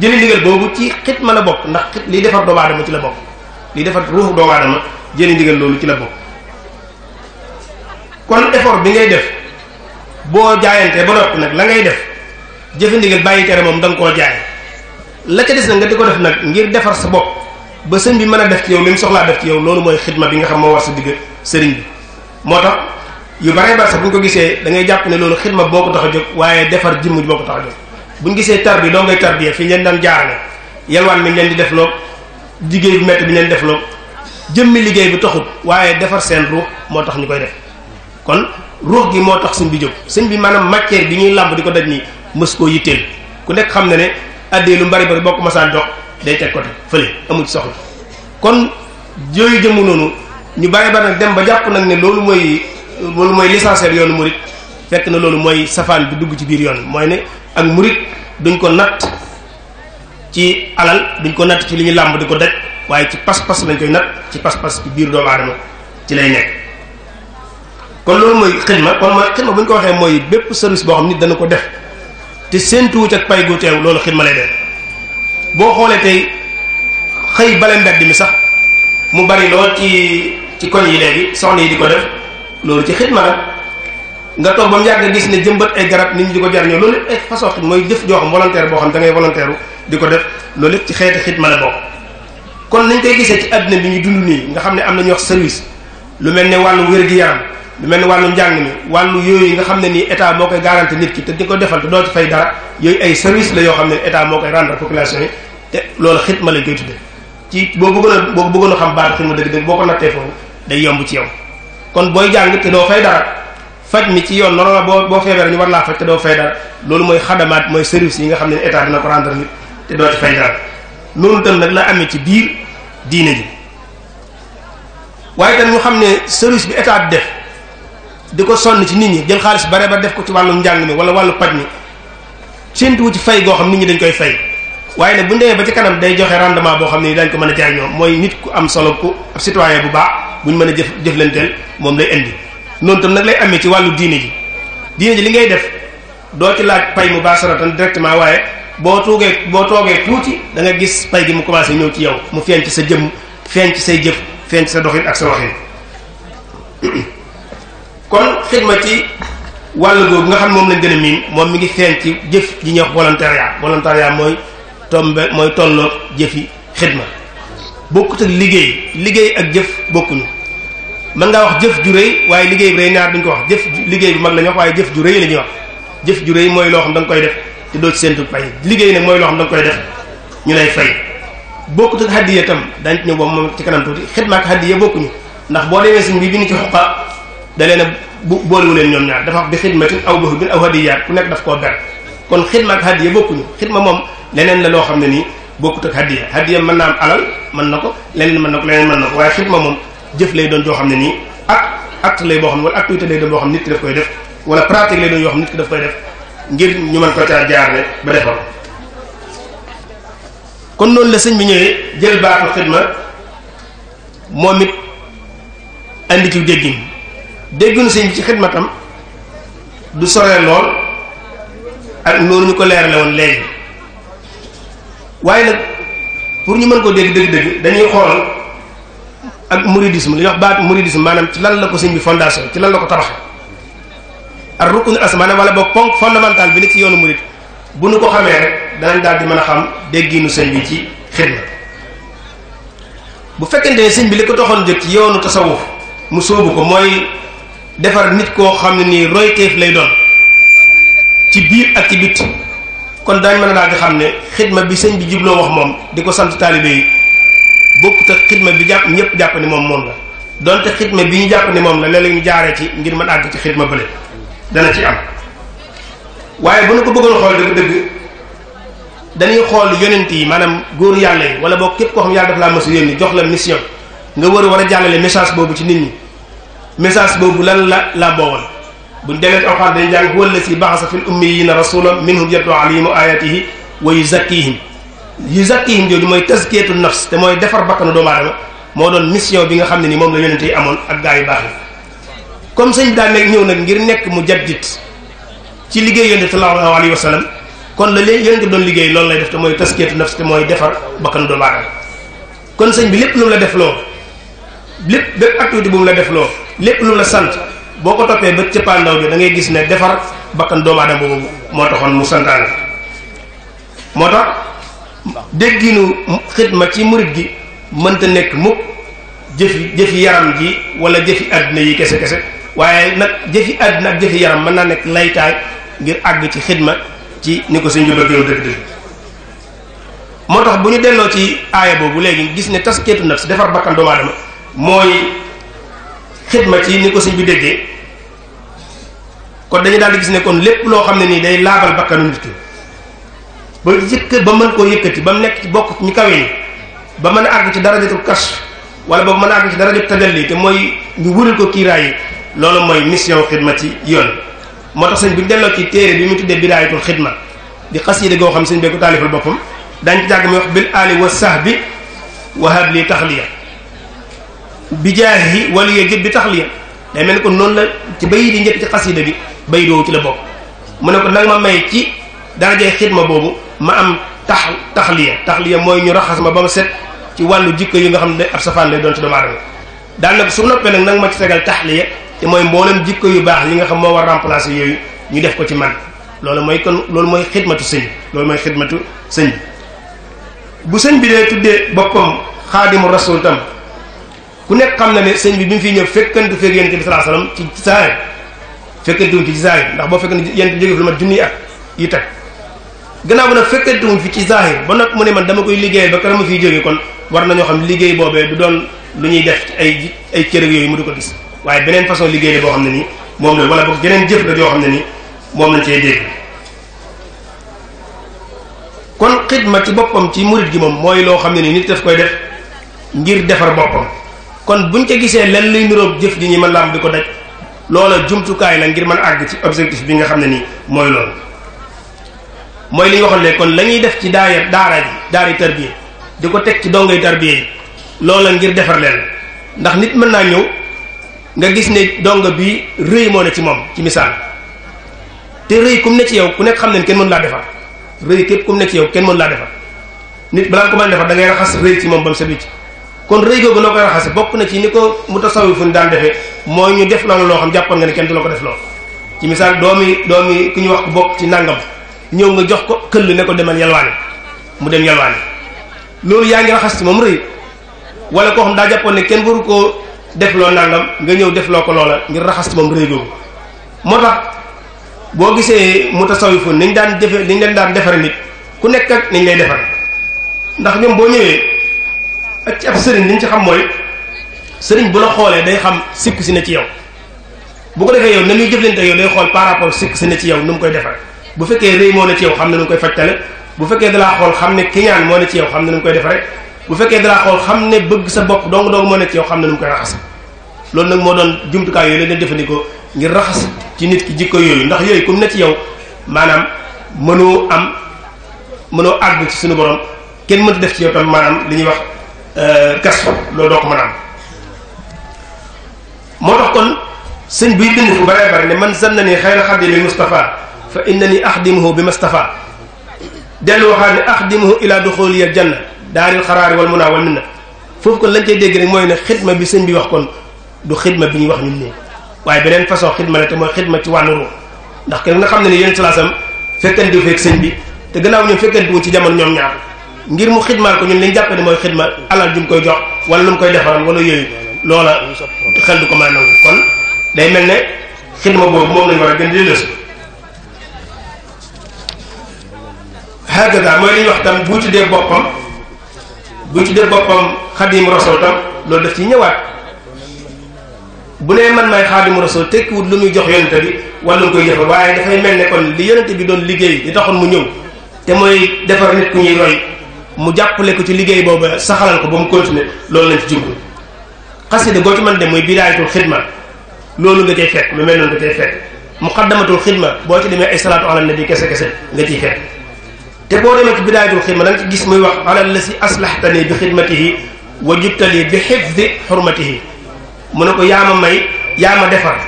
jëli ndigal boobu ci xit ma la bokk ndax xit liy defar doomu aadama ci la bokk liy defar ruuxu doomu aadama jëli ndigal loolu ci la bokk kon effort bi ngay def boo jaayantee ba noppi nag la ngay def jëfe ndigal bàyyi tere moom danga koo jaay la ca des nag nga di ko def nag ngir defar sa bopp ba sëñ bi mën a def ci yow li soxlaa def ci yow loolu mooy xidma bi nga xam moo war sa digg sëriñ bi moo tax yu bare bare sax bu ñu ko gisee da ngay jàpp ne loolu xidma boo ko tax a jóg waaye defar jëmm ji boo ko tax a jóg bu ñu gisee tar bi doo ngay tar bi fi ñu leen daan jaarale yalwaan mi leen di def loog liggéey bu métti bi ñu leen def loog jëmmi liggéey bi taxut waaye defar seen ruux moo tax ñu koy kon ruux gi moo tax sëñ bi jóg sëñ bi maanaam matière bi ñuy làmb di ko daj ni mës koo yitteel ku nekk xam ne ne addee lu mbari bari boo ko masaan dox day teg côté fële amu ci soxla kon yooyu jëmm noonu ñu bàyyi ba nag dem ba jàpp nag ne loolu mooy loolu mooy l'essentiel yoonu murit fekk na loolu mooy safaan bi dugg ci biir yoon mooy ne ak murit duñ ko natt ci alal duñ ko natt ci li ñu làmb di ko daj waaye ci pas-pas lañ koy natt ci pas-pas ci biir doomu aadama ci lay nekk kon loolu mooy xidma kon mooy xidma bu ñu ko waxee mooy bépp service boo xam nit dana ko def te séentuwu ca pay gu teew loolu xidma lay def boo xoolee tey xëy bale mbedd mi sax mu bari lool ci ci koñ yi léegi soxna yi di ko def loolu ci xidma la nga toog ba mu gis ne jëmbat ay garab nit ñi ko jariñoo loolu ay façon jëf joo xam volontaire boo xam da ngay volontaire di ko def loolu ci xeeti xidma la bokk kon nañ koy gisee ci àddina bi ñuy dund nii nga xam ne am na ñu wax service lu mel ne wàllu wér-gi-yaram lu mel ni wàllu njàng mi wàllu yooyu nga xam ne nii état moo koy garanti nit ki te di ko defal te doo ci fay dara yooyu ay service la yoo xam ne état moo koy rendre population yi te loolu xitma lañ koy tudde ci boo bëggoon a boo bëggoon xam baatu xitma boo ko nattee foofu day yomb ci yow kon booy jàng te doo fay dara faj mi ci yoon noonu la boo boo feebaree war laa faj te doo fay dara loolu mooy xadamaat mooy service yi nga xam ne ni état dina ko rendre nit te doo ci fay dara loolu tam nag la amee ci biir diine ji waaye tam ñu xam ne service bi état def di ko sonn ci nit ñi jël xaalis bare ba def ko ci wàllu njàng mi wala wàllu paj mi séntuwu ci fay goo xam nit ñi dañ koy fay waaye nag bu demee ba ci kanam day joxe rendement boo xam ne dañ ko mën a jariñoo mooy nit ku am solo ku ab citoyen bu baax bu buñ mën a jëf jëflanteel moom lay indi noonu tam nag lay amee ci wàllu diine ji diine ji li ngay def doo ci laaj pay mu baax baasaratan directement waaye boo toogee boo toogee tuuti da nga gis pay gi mu commencé ñëw ci yow mu feeñ ci sa jëmm feeñ ci say jëf feeñ ci sa doxin ak sa kon xidma ci wàll googu nga xam moom lañ gën a miin moom mi ngi feeñ ci jëf ji ñuy wax volontariat volontariat mooy tombe mooy tolloo jëf yi xidma bokkut ak liggéey liggéey ak jëf bokkuñu mën ngaa wax jëf ju rëy waaye liggéey bi rëy ñaar duñ ko wax jëf liggéey bi mag la ñu wax waaye jëf ju rëy la ñuy wax jëf ju rëy mooy loo xam da nga koy def te doo ci seentu pay liggéey nag mooy loo xam da nga koy def ñu lay fay bokkut ak hadiya tam dañ ci ñëw boobu moom ci kanam tuuti xidma ak hadiya bokkuñu ndax boo demee suñ da leen a bu boolewu leen ñoom ñaar dafa wax bi xidmatin aw bi xuddin aw hadiyaat ku nekk daf koo ber kon xidma ak hadiya bokkuñu xidma moom leneen la loo xam ne nii bokkut ak hadiya hadiya man naa am alal mën na ko leneen mën na ko leneen mën na ko waaye xidma moom jëf lay doon xam ne nii ak acte lay boo xam ne wala activité lay doon boo def wala pratique lay doon yoo xam nit ki ñu mën ko caa jaarale ba defal kon noonu la sëñ bi ñëwee jël baatu xidma moom it andi ci déggin dégguñu sëñ bi ci xidmatam du soree lool ak noonu ñu ko leerale woon léegi waaye nag pour ñu mën ko dégg dëgg-dëgg dañuy xool ak mouridisme li ñuy wax baat mouridisme maanaam ci lan la ko sëñ bi fondation ci lan la ko tabaxe ak rukun as maanaam wala boog ponk fondamental bi ne ci yoonu murid bu nu ko xamee rek danañ daal di mën a xam dégginu sëñ bi ci xidma bu fekkente ne sëñ bi li ko toxoon jëkk ci yoonu tasawuf mu sóobu ko mooy defar nit koo xam ne nii royteef lay doon ci biir ak ci bit kon daañ mën a daal di xam ne xidma bi sëñ bi jubloo wax moom di ko sant taalibe yi bokkut ak xidma bi jàpp ñëpp jàpp ni moom moom la donte xidma bi ñu jàpp ni moom la léeg-léeg ñu jaaree ci ngir mën àgg ci xidma bële dana ci am waaye bu nu ko bëggoon xool dëgg dëgg dañuy xool yonent yi maanaam góor yàlla yi wala boog képp koo xam yàlla daf laa mës a yónni jox la mission nga war a war a jàllale message boobu ci nit ñi message boobu lan la làmboowoon buñ demee alxuraan dañ jàng huwa allazi baxasa fil ummiyina rasulan minhum yatlu alayhim ayatihi wa yuzakkihim yuzakkihim jooju mooy tazkiyatu nafs te mooy defar bakkanu doomu aadama moo doon mission bi nga xam ne ni moom la yonente yi amoon ak gaa yu baax yi comme sëñ daa nekk ñëw nag ngir nekk mu jaddit ci liggéey yonente sallallahu alayhi wa sallam kon la léegi yonente doon liggéey loolu lay def te mooy taskiyatu nafs te mooy defar bakkanu doomu aadama kon sëñ bi lépp lu mu la def loo lépp bépp activité bu mu la def loo lépp lu la sant boo ko toppee ba cëppaandaw bi da ngay gis ne defar bakkan doomu boobu moo taxoon mu santaane moo tax dégginu xidma ci murit gi mënta nekk mukk jëfi jëfi yaram gi wala jëfi àddina yi kese kese waaye nag jëfi àddina ak jëfi yaram mën naa nekk laytaay ngir àgg ci xidma ci ni ko sëñ bi bëggee dëgg dëgg moo tax bu ñu delloo ci aaya boobu léegi gis ne taskeetu nafs defar bakkan doomu mooy xidma ci ni ko sëñ bi déggee kon dañu daal di gis ne kon lépp loo xam ne nii day laabal bakkanu nit ki ba yëkkat ba mën koo yëkkati ba mu nekk ci bokk ñu kawe yi ba mën a àgg ci dara darajatul kas wala ba mën a àgg ci dara tajalli te mooy ñu wëral ko kiiraay yi loolu mooy mission xidma ci yoon moo tax sëñ bi delloo ci téere bi mu tuddee bidaayatul xidma di xasiida goo xam sëñ bee ko taalifal boppam dañ ci jàgg muy wax bil aali wa sahbi wahab li taxliya bi jaahi wala yee jët bi tax liya day mel ni kon noonu la ci bay di njëkk ci xasida bi bay doowu ci la bokk mu ne ko nag ma may ci darajay xidma boobu ma am tax taxliya taxliya mooy ñu raxas ma ba mu set ci wàllu jikko yi nga xam ne ab safaan lay doon ci doomu aadama daal nag su noppee nag nag ma ci tegal taxliya te mooy mboolem jikko yu baax li nga xam moo war remplacer yooyu ñu def ko ci man loolu mooy kon loolu mooy xidmatu sëñ loolu mooy xidmatu sëñ bu sëñ bi dee tuddee boppam xaadimu rasul tam ku nekk xam na ne sëñ bi bi mu fi ñëw fekkante fekk yonent bi sallallahu alayhi wasallam ci saayir fekkante wuñ ci ci saayir ndax boo fekkante yonent bi jógee fi lu mat junniy at yi teg gannaaw bu nag fekkante wuñ fi ci saayir ba nag mu ne man dama koy liggéey ba kër ma fiy jógee kon war nañoo xam liggéey boobee du doon lu ñuy def ci ay ay cër yooyu mu du ko gis waaye beneen façon liggéey la boo xam ne nii moom la wala boog geneen jëf la yoo xam ne nii moom lañ cee dégg kon xidma ci boppam ci murit gi moom mooy loo xam ne nii nit koy def ngir defar boppam kon buñ ca gisee lenn luy niroog jëf ji ñi ma làmb di ko daj loola jumtukaay la ngir mën a àgg ci objectif bi nga xam ne nii mooy loolu mooy li ñu waxoon léegi kon lañuy def ci daaya daara ji daari tarbiya di ko teg ci dongay tarbiya yi loola ngir defar leen ndax nit mën naa ñëw nga gis ne donga bi rëy moo ne ci moom ci misaal te rëy kum ne ci yow ku nekk xam ne kenn mënu laa defar rëy képp kum ne ci yow kenn mënu laa defar nit balaa nga ko mën a defar da moom ba mu set kon rëy googu noo koy raxase bokk na ci ni ko mutasawifun daan defee mooy ñu def loolu loo xam jàppoon nga ne kenn du la ko def loolu ci misaal doomi doomi ki ñu wax ko bokk ci nàngam ñëw nga jox ko këll ne ko demal yalwaani mu dem yalwaani loolu yaa ngi raxas ci moom rëy wala koo xam daa jàppoon ne kenn waru koo def loo nàngam nga ñëw def loo ko loola ngir raxas ci moom rëy googu moo tax boo gisee mutasawifun niñ daan defe niñ leen daan defare nit ku nekk ak lay defare ndax ñoom boo ñëwee ak ci ab sëriñ li ñu ci xam mooy sëriñ bu la xoolee day xam sikk si ne ci yow bu ko defee yow na muy jëflante ak yow day xool par rapport sikk si ne ci yow nu mu koy defar bu fekkee rëy moo ne ci yow xam ne nu mu koy fajtale bu fekkee dalaa xool xam ne kiñaan moo ne ci yow xam ne nu mu koy fekkee dalaa xam ne bëgg sa bopp dong dong moo ne ci yow xam ne nu mu raxas loolu nag moo doon jumtukaay yooyu lañ jëfandikoo ngir raxas ci nit ki jikko yooyu ndax yooyu comme ne ci yow maanaam mënoo am mënoo àgg ci suñu borom kenn mënta def ci yow tam li ñuy wax Euh, gas ko loolu doo ko mën a am moo tax kon sëñ buy bind fu baree bari man san na ni xayra xadimi Mustafa fa inna ni axdimuhu bi Mustafa dellu waxaat ne axdimuhu ila duxuli al janna daaril xaraari wal munaa wal minna foofu kon lañ tey dégg rek mooy ne xidma bi sëñ bi wax kon du xidma bi ñuy wax ñun nii waaye beneen façon xidma la te mooy xidma ci wàllu ruux ndax kenn nga xam ne ne yéen salaasam fekkante feek sëñ bi te gannaaw ñoom fekkante ci jamono ñoom ngir mu xidmaal ko ñun liñ jàpp ne mooy xidma alal ju mu koy jox wala lu mu koy defaroon wala yooyu loola xel du ko mën a kon day mel ne xidma boobu moom lañ war a gën di lës hagada mooy li ñuy wax tam buy tuddee boppam buy tuddee boppam loolu daf ci ñëwaat bu nee man maay xaadimu rasul tekkiwut lu muy jox yonente bi wala lu mu koy jëfal waaye dafay mel ne kon li yonente bi doon liggéey di taxoon mu ñëw te mooy defar nit ku ñuy roy mu jàppale ko ci liggéey boobu saxalal ko ba mu continuer loolu lañ ci jublu xasida goo ci man dem muy bidaayatul xidma loolu nga cay fekk mu mel noonu nga cay fekk muqaddamatul xidma boo ci demee ay salaatu na nabi kese kese nga ciy fekk te boo demee ci bidaayatul xidma da nga ci gis muy wax ala lasi aslaxtani bi xidmatihi wa jubtali bi xifdi yi mu ne ko yaa ma may yaa ma defar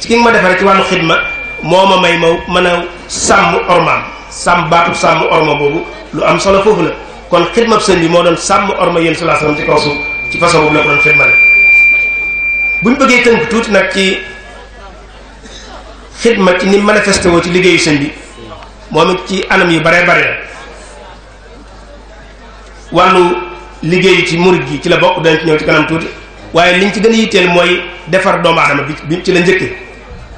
ci ki ma defar ci wàllu xidma moo ma may ma mën a sàmm ormaam sàmm baatub sàmm orma boobu lu am solo foofu la kon xidmab sëñ bi moo doon sàmm orma yéen sallallahu alayhi wasallam ci kaw suuf ci façon boobu la ko doon xidmale buñ bëggee tënk tuuti nag ci xidma ci ni manifesté woo ci liggéeyu sëñ bi moom it ci anam yu bare bare la wàllu liggéeyu ci murid gi ci la bokk dañ ci ñëw ci kanam tuuti waaye liñ ci gën a yitteel mooy defar doomu aadama bi bi ci la njëkk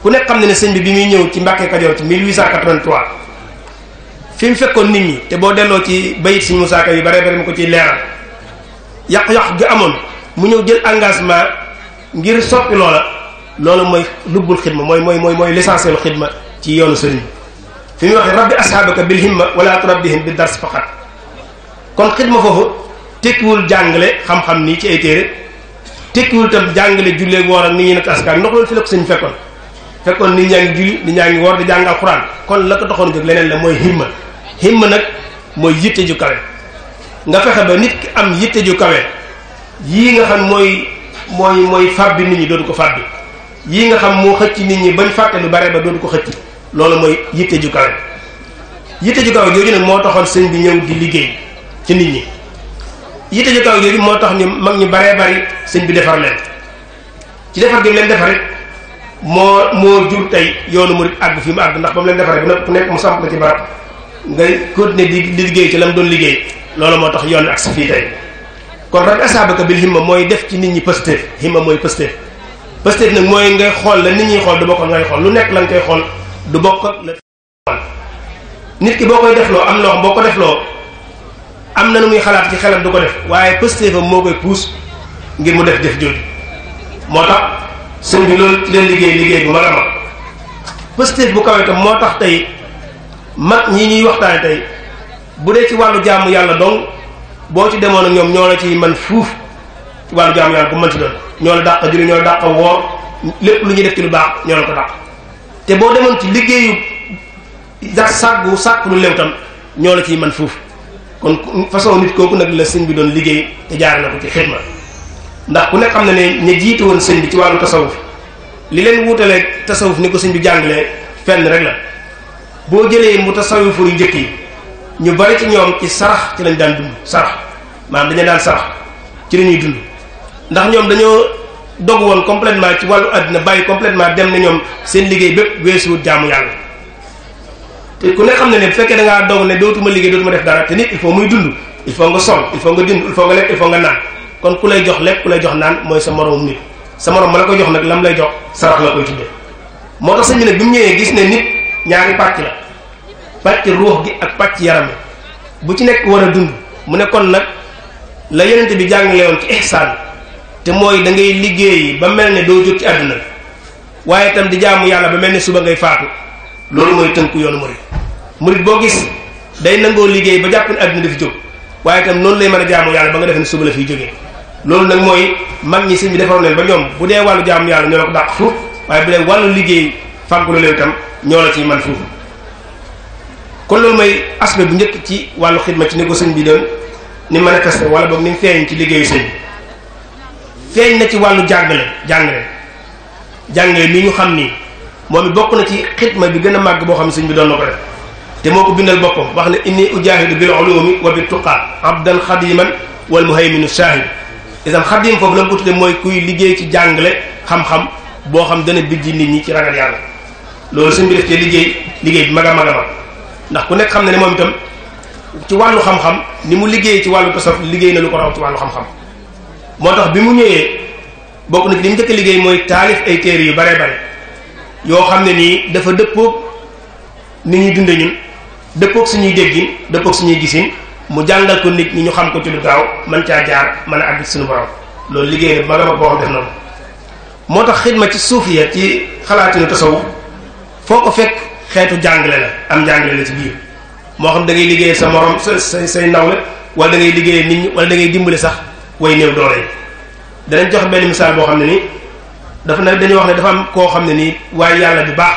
ku nekk xam ne ne sëñ bi bi muy ñëw ci Mbàkke Kajoor ci 1883 fi mu fekkoon nit ñi te boo delloo ci bayit si Moussa Ka yi bare bare mu ko ciy leeral yàq-yàq gi amoon mu ñëw jël engagement ngir soppi loola loola mooy lubbul xidma mooy mooy mooy mooy l'essentiel xidma ci yoonu sëriñ fi muy waxee rabbi asxaabaka bil himma wala turabbihim bi dars faqat kon xidma foofu tekkiwul jàngale xam-xam nii ci ay téere tekkiwul tam jàngale jullee woor ak nit ñi nag askan ndox loolu fi la ko sëñ fekkoon fekkoon nit ñaa ngi julli nit ñaa ngi woor di kon la doxoon leneen la mooy himma himma nag mooy yitte ju kawe nga fexe ba nit ki am yitte ju kawe yii nga xam mooy mooy mooy fàbbi nit ñi dootu ko fàbbi yii nga xam moo xëcc nit ñi bañ fàtte lu bare ba dootu ko xëcc loolu mooy yitte ju kawe yitte ju kawe jooju nag moo taxoon sëñ bi ñëw di liggéey ci nit ñi yitte ju kawe jooju moo tax ni mag ñi baree bari sëñ bi defar leen ci defar gi leen defar it moo moo jur tey yoonu murid àgg fi mu àgg ndax ba mu leen defaree bu nekk ku nekk mu samp la ci barab nga continuer di di liggéey ci la mu doon liggéey loolu moo tax yoon ak si fii tey kon rek asaabaka bil himma mooy def ci nit ñi pëstéef himma mooy pëstéef pëstéef nag mooy ngay xool la nit ñi xool du bokk ak lu nekk la koy xool du bokk ak nit ki boo koy defloo am loo boo ko defloo am na nu muy xalaat ci xelam du ko def waaye pëstéefam moo koy puus ngir mu def jëf jooju moo tax sëñ bi loolu leen liggéey liggéey bu ma a mag pëstéef bu kawe moo tax tey mag ñi ñuy waxtaane tey bu dee ci wàllu jàmm yàlla dong boo ci demoon ak ñoom ñoo la ciy man fuuf ci wàllu jaamu yàlla bu mën ci doon ñoo la dàq julli ñoo la dàq woor lépp lu ñuy def ci lu baax ñoo la ko dàq te boo demoon ci liggéeyu da sàggu sàkk lu lew ñoo la ciy man fuuf kon façon nit kooku nag la sëñ bi doon liggéey te jaare na ko ci xidma ndax ku nekk xam na ne ña jiite woon sëñ bi ci wàllu tasawuf li leen wuutalee tasawuf ni ko sëñ bi jàngalee fenn rek boo jëlee mu tasawufur yu njëkk yi ñu bari ci ñoom ci sarax ci lañ daan dund sarax maanaam dañu daan sarax ci la ñuy dund ndax ñoom dañoo dog woon complètement ci wàllu àddina bàyyi completement dem na ñoom seen liggéey bépp weesuwut jaamu yàlla te ku ne xam ne ne bu fekkee da ngaa dog ne dootuma liggéey dootuma def dara te nit il faut muy dund il faut nga sol il faut nga dund il faut nga lekk il faut nga naan kon ku lay jox lekk ku lay jox naan mooy sa moroom nit sa ma la ko jox nag lam lay jox sarax la moo ñëwee gis ne nit ñaari pàcc la pàcc ruux gi ak pàcc yaram bi bu ci nekk war a dund mu ne kon nag la yonent bi jàngale woon ci ihsaan te mooy da ngay liggéey ba mel ne doo jóg ci àdduna bi waaye itam di jaamu yàlla ba mel ne suba ngay faatu loolu mooy tënku yoonu murit murit boo gis day nangoo liggéey ba jàpp ne àdduna dafi jóg waaye itam noonu lay mën a jaamu yàlla ba nga defe ne suba la fiy jógee loolu nag mooy mag ñi sëñ bi defaroon leen ba ñoom bu dee wàllu jaamu yàlla ñoo la ko wàllu liggéey fàggulu leen itam ñoo la ciy man fuufu kon loolu may aspect bu njëkk ci wàllu xidma ci ni ko sëñ bi doon ni manifesté wala boog ni mu feeñ ci liggéeyu sëñ feeñ na ci wàllu jàngale jàngale jàngale mi ñu xam nii moom it bokk na ci xidma bi gën a màgg boo xam ne sëñ bi doon na ko def te moo ko bindal boppam wax ne inni ujahidu bil ulumi wa bi tuqa abdan xadiman wal muhayminu shahid isam xadim foofu la mu ko tudde mooy kuy liggéey ci jàngale xam-xam boo xam dana bijji nit ñi ci ragal yàlla loolu sëñ bi def ci liggéey liggéey bi mag a a mag ndax ku nekk xam ne ne moom itam ci wàllu xam-xam ni mu liggéey ci wàllu tasawuf liggéey na lu ko raw ci wàllu xam-xam moo tax bi mu ñëwee bokk na ci li mu njëkk liggéey mooy taalif ay téere yu bare bare yoo xam ne nii dafa dëppook ni ñuy dunde ñun dëppoog suñuy déggin dëppoog suñuy gisin mu jàngal ko nit ñi ñu xam ko ci lu gaaw mën caa jaar mën a àgg suñu borom loolu liggéey na mag a boo xam def na moo tax xidma ci suufiya ci xalaatinu tasawuf foo ko fekk xeetu jàngale la am jàngale la ci biir moo xam da ngay liggéeyee sa morom sa say say nawle wala da ngay nit ñi wala da ngay dimbali sax way néew doole yi danañ jox benn misaal boo xam ne nii dafa ne dañuy wax ne dafa am koo xam ne nii waaye yàlla bu baax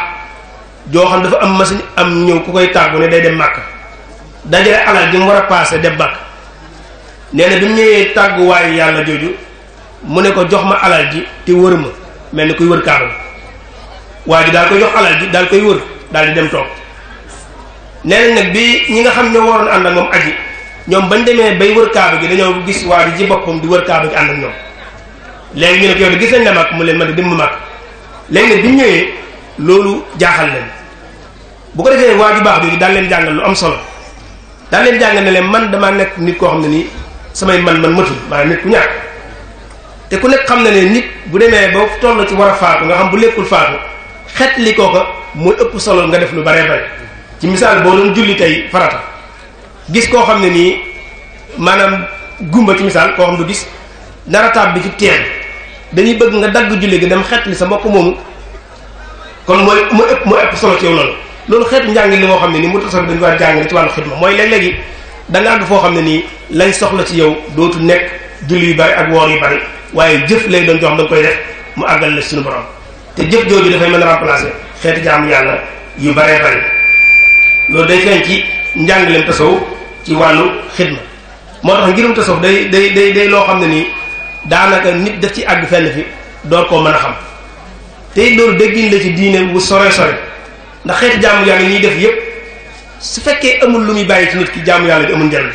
joo xam dafa am machine am ñëw ku koy tàggu ne day dem màkk dajale alal ji mu war a paase dem màkk nee na bi mu ñëwee tàggu waaye yàlla jooju mu ne ko jox ma alal ji te wër ma mel ni kuy wër kaaba waa ji daal koy yox alal ji daal koy wër daal di dem toog nee nañ nag bi ñi nga xam ñoo waroon ànd ak moom aji ñoom bañ demee bay wër kaaba gi dañoo gis waa ji ci boppam di wër kaaba gi ànd ak ñoom léegi ñu ne ko yow de gis nañ la mag mu leen man bi ñu ñëwee loolu jaaxal leen bu ko defee waa ju baax jooju daal leen jàngal lu am solo daal leen jàngal ne leen man damaa nekk nit koo xam ne nii samay man man matul maanaam nit ku ñàkk te ku nekk xam na ne nit bu demee ba toll ci war a faatu nga xam bu lekkul faatu xet li kooka mooy ëpp solo nga def lu bare bare ci misaal boobu doon julli tey farata gis koo xam ne nii maanaam gumba ci misaal koo xam du gis dara taab bi ci teen dañuy bëgg nga dagg julli gi dem xet li sa mbokk moomu kon mooy mu ëpp mu ëpp solo ci yow loolu loolu xeetu njàngi li moo xam ne nii mu tasar dañu war jàngale ci wàllu xidma mooy léeg-léegi da nga àgg foo xam ne nii lay soxla ci yow dootu nekk julli yu bari ak woor yu bari waaye jëf lay doon jox da koy def mu àggal la suñu borom te jëf jooju dafay mën a remplacer xeeti jaamu yàlla yu baree bari loolu day feeñ ci njàngaleem tasaw ci wàllu xidma moo tax ngirum tasawuf day day day day loo xam ne nii daanaka nit daf ci àgg fenn fi door koo mën a xam te loolu déggin la ci diine wu sore sore ndax xeeti jaamu yàlla ñuy def yëpp su fekkee amul lu muy bàyyi ci nit ki jaamu yàlla bi amul njariñ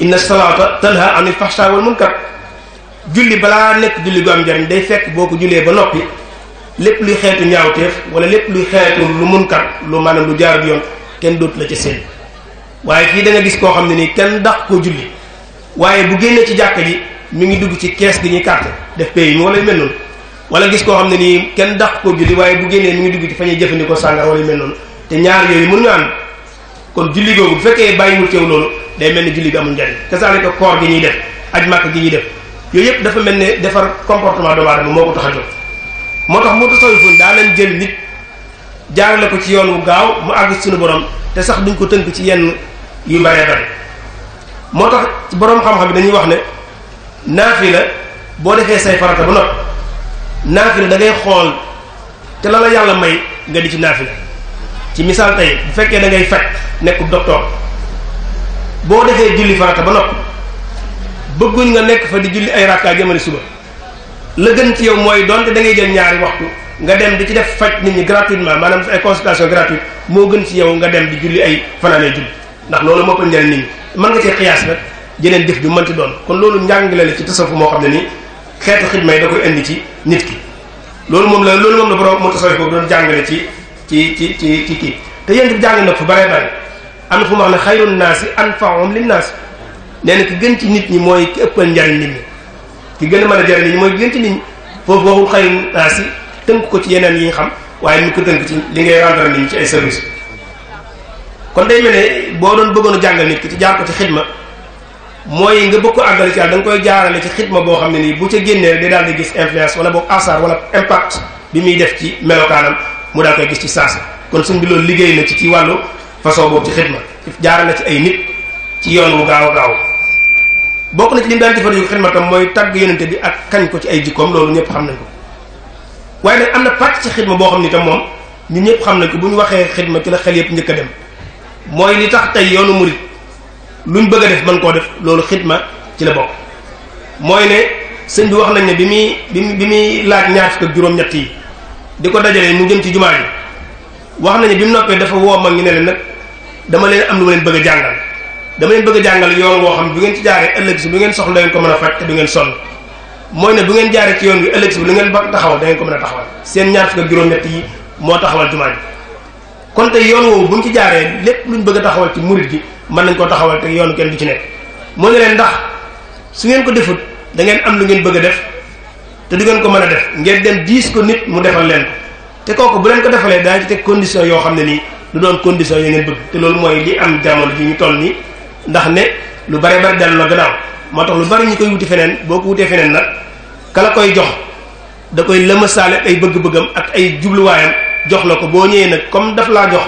inna salaata tanha anil fahsha wal julli balaa nekk julli gu am njariñ day fekk boo ko jullee ba noppi lépp luy xeetu ñaawteef wala lépp luy xeetu lu mun munkar lu maanaam lu jaarut yoon kenn dootu la ci seen waaye fii danga gis koo xam ne nii kenn daq koo julli waaye bu génnee ci jàkka ji mi ngi dugg ci kees gi ñuy carte def pay wala yu mel noonu wala gis koo xam ne nii kenn daq koo julli waaye bu génnee mi ngi dugg ci fa ñuy jëfandikoo sàngara wala yu mel noonu te ñaar yooyu mënuñu ànd kon julli googu bu fekkee bàyyiwul teew loolu day mel ni julli bi amul njariñ kasaalika koor gi ñuy def aj màkk gi ñuy def yooyu yëpp dafa mel ne defar comportement doomu aadama moo ko tax a jóg moo tax mu tasawufoon daa leen jël nit jaarale ko ci yoon wu gaaw mu àgg suñu borom te sax duñ ko tënk ci yenn yu baree bari moo tax boroom borom xam-xam bi dañuy wax ne la boo defee say farata ba noppi naafila da dangay xool te la la yàlla may nga di ci naafila ci misaal tey bu fekkee da ngay faj nekkub docteur boo defee julli farata ba noppi bëgguñ nga nekk fa di julli ay rakkaa jëmale suba. la gën ci yow mooy donte da ngay jël ñaari waxtu nga dem di ci def faj nit ñi gratuitement maanaam ay consultation gratuite moo gën ci yow nga dem di julli ay fanaanee julli ndax loolu moo ko njëriñ nit ñi mën nga cee xiyaas nag jeneen jëf ju kon loolu njàngale la ci tasafu moo xam ne nii xeetu xidma yi da nit ki loolu moom la loolu moom la borom moo tasawuf boobu doon jàngale ci ci ci ci ci kii te yéen itam jàng na fu bare bare am na fu mu wax ne xayrun naasi anfaahum linnaas nee na ki gën ci nit ñi mooy ki ëppal njariñ nit ñi ki gën a mën a jëriñ mooy gën ci nit ñi foofu waxul xëy naa si tënk ko ci yeneen yi nga xam waaye ñu ko tënk ci li ngay rendre nit ñi ci ay service kon day mel ne boo doon bëggoon a jàngal nit ki ci jaar ko ci xidma mooy nga bëgg ko àggale ci da koy jaarale ci xidma boo xam ne nii bu ca génnee day daal di gis influence wala boog asar wala impact bi muy def ci melokaanam mu daal koy gis ci saasi kon suñ bi loolu liggéey na ci ci wàllu façon boobu ci xidma jaarale ci ay nit ci yoon wu gaaw a gaaw bokk na ci li mu daan jëfandikoo xidmatam mooy tàgg yonente bi ak kañ ko ci ay jikkoom loolu ñëpp xam nañ ko waaye nag am na pàcc ci xidma boo xam ni tam moom ñun ñëpp xam nañ ko bu ñu waxee xidma ci la xel yëpp njëkk dem mooy li tax tey yoonu lu ñu bëgg a def man koo def loolu xidma ci la bokk mooy ne sëñ bi wax nañ ne bi muy bi muy laaj ñaar fukk ak juróom-ñett yi di ko dajalee mu jëm ci jumaa ji wax nañ ne bi mu noppee dafa woo mag ñi ne leen nag dama leen am lu ma bëgg a dama leen bëgg a jàngal yoon woo xam ne bu ngeen ci jaaree ëllëg si bu ngeen soxla ngeen ko mën a faj te du ngeen sonn mooy ne bu ngeen jaaree ci yoon bi ëllëg si bu lu ngeen taxawal da ko mën a taxawal seen ñaar fukk ak juróom-ñett yi moo taxawal jumaa ji kon te yoon woowu buñ ci jaaree lépp lu luñ bëgg a taxawal ci murit gi mën nañ ko taxawal te yoon kenn du ci nekk moo ne leen ndax su ngeen ko defut da ngeen am lu ngeen bëgg a def te ngeen ko mën a def ngeen dem diis ko nit mu defal leen ko kooku bu leen ko defalee daañu ci teg condition yoo xam ne nii doon condition yi ngeen bëgg te loolu mooy li am jamono ji ñu toll nii ndax ne lu bare bari dellu la gannaaw moo tax lu bari ñu koy wuti feneen boo ko wutee feneen nag kala koy jox da koy lëmasaale ay bëgg-bëggam ak ay jubluwaayam jox la ko boo ñëwee nag comme daf laa jox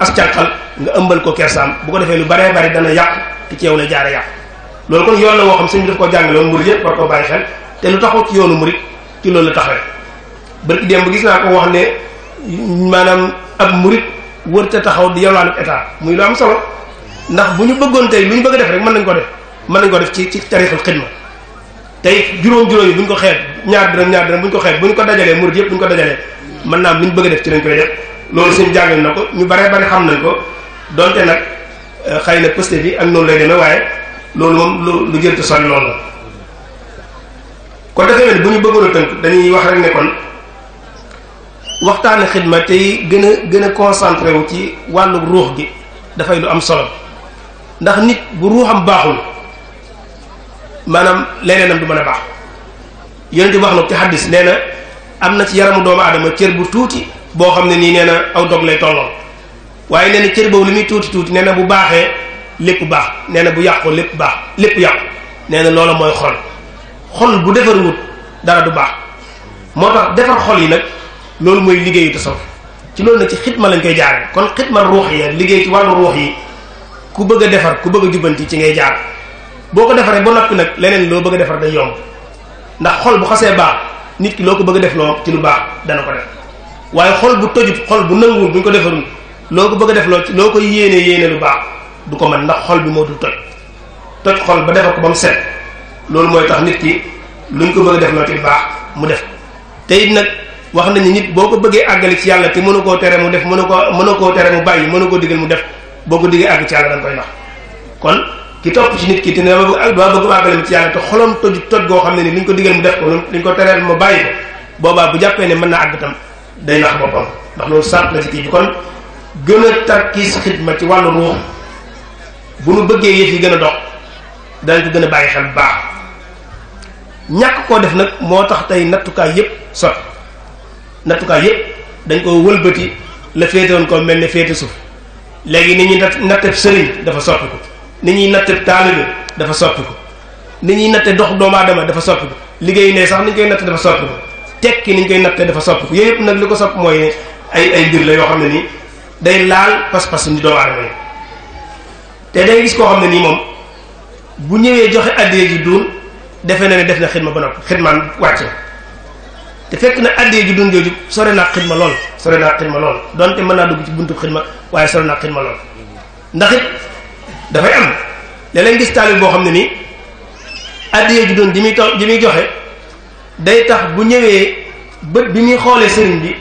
as cànqal nga ëmbal ko kersaam bu ko defee lu baree bari dana yàq te ci yow la jaare yàq loolu kon yoon la woo xam sëñ bi daf koo jàngale woon murid yëpp war koo bàyyi xel te lu taxaw ci yoonu murid ci loolu la taxawee barki démb gis naa ko wax ne maanaam ab murid wërta taxaw di yalwaan ak état muy lu am solo ndax bu ñu bëggoon tey lu ñu bëgg a def rek mën nañ ko def mën nañ ko def ci ci tarixul xidma tey juróom-juróom yi bu ñu ko xeeb ñaar dërëm ñaar dërëm bu ñu ko xeeb bu ñu ko dajalee murid yëpp bu ko dajalee mën naa lu ñu bëgg def ci lañ koy def loolu suñu na ko ñu bare bare xam nañ ko donte nag euh, xëy na poste bi ak noonu lay demee waaye loolu moom lu jëlta sori loolu la kon dafay ni bu ñu bëggoon a tënk dañuy wax rek ne kon waxtaane xidma tey gën a gën a concentré wu ci wàllu ruux gi dafay lu am solo ndax nit bu ruuxam baaxul maanaam leneenam du mën a baax yonent bi wax na ci xaddis nee na am na ci yaramu doomu aadama cër bu tuuti boo xam ne nii nee na aw dog lay tolloon waaye nee na cër boobu li muy tuuti tuuti nee na bu baaxee lépp baax nee na bu yàqu lépp baax lépp yàqu nee na loola mooy xol xol bu defar defarwut dara du baax moo tax defar xol yi nag loolu mooy liggéeyu tasawuf ci loolu nag ci xitma lañ koy jaare kon xitma ruux yi liggéey ci wàllu ruux yi ku bëgg a defar ku bëgg a jubbanti ci ngay jaar boo ko defaree ba noppi nag leneen loo bëgg defar day yomb ndax xol bu xasee baax nit ki loo ko bëgg a def loo ci lu baax dana ko def waaye xol bu toj xol bu nanguwul bu ñu ko defarul loo ko bëgg a def loo ci loo ko yéene yéene lu baax du ko mën ndax xol bi moo dul toj toj xol ba defar ko ba mu set loolu mooy tax nit ki luñ ko bëgg a def loo ci lu baax mu def te yit nag wax nañu nit boo ko bëggee àggale ci yàlla te mënu koo tere mu def mënu koo mënu koo tere mu bàyyi mënu koo digal mu def boo ko diggee àgg ci yàlla da koy dox kon ki topp ci nit kii te ne dama bëgg dama bëgg màggalam ci yàlla te xolam toj goo xam ne ni liñ ko digal mu def ko liñ ko tereel mu bàyyi ko boobaa bu jàppee ne mën naa àgg tam day nax boppam ndax loolu sart la ci kii bi kon gën a xidma ci wàllu ruux bu nu bëggee yëf yi gën a dox danañ ko gën a bàyyi xel bu baax ñàkk koo def nag moo tax tey nattukaay yëpp sot nattukaay yëpp dañ ko wëlbati la féete ko mel ne féete suuf léegi ni ñuy natteeb sëriñ dafa soppi ko ni ñuy natteeb taalibe dafa soppi ko ni ñuy nattee dox doomu aadama dafa soppi ko liggéey ne sax ni ñu koy natte dafa soppi ko tekki ni koy natte dafa soppi ko yooyu nag li ko sopp mooy ay ay mbir la yoo xam ne nii day laal pas-pas ni doomu aadama yi te day gis koo xam ne nii moom bu ñëwee joxe addee ji duun defe na ne def na xidma ba noppi xidmaan wàcce te fekk na addee ju doon jooju sore naa xidma lool sore naa xidma lool donte mën naa dugg ci buntu xidma waaye sore naa xidma lool ndaxit it dafay am léeg-léeg gis taalib boo xam ne nii addee ju doon ji muy ji muy joxe day tax bu ñëwee bët bi muy xoolee sëriñ bi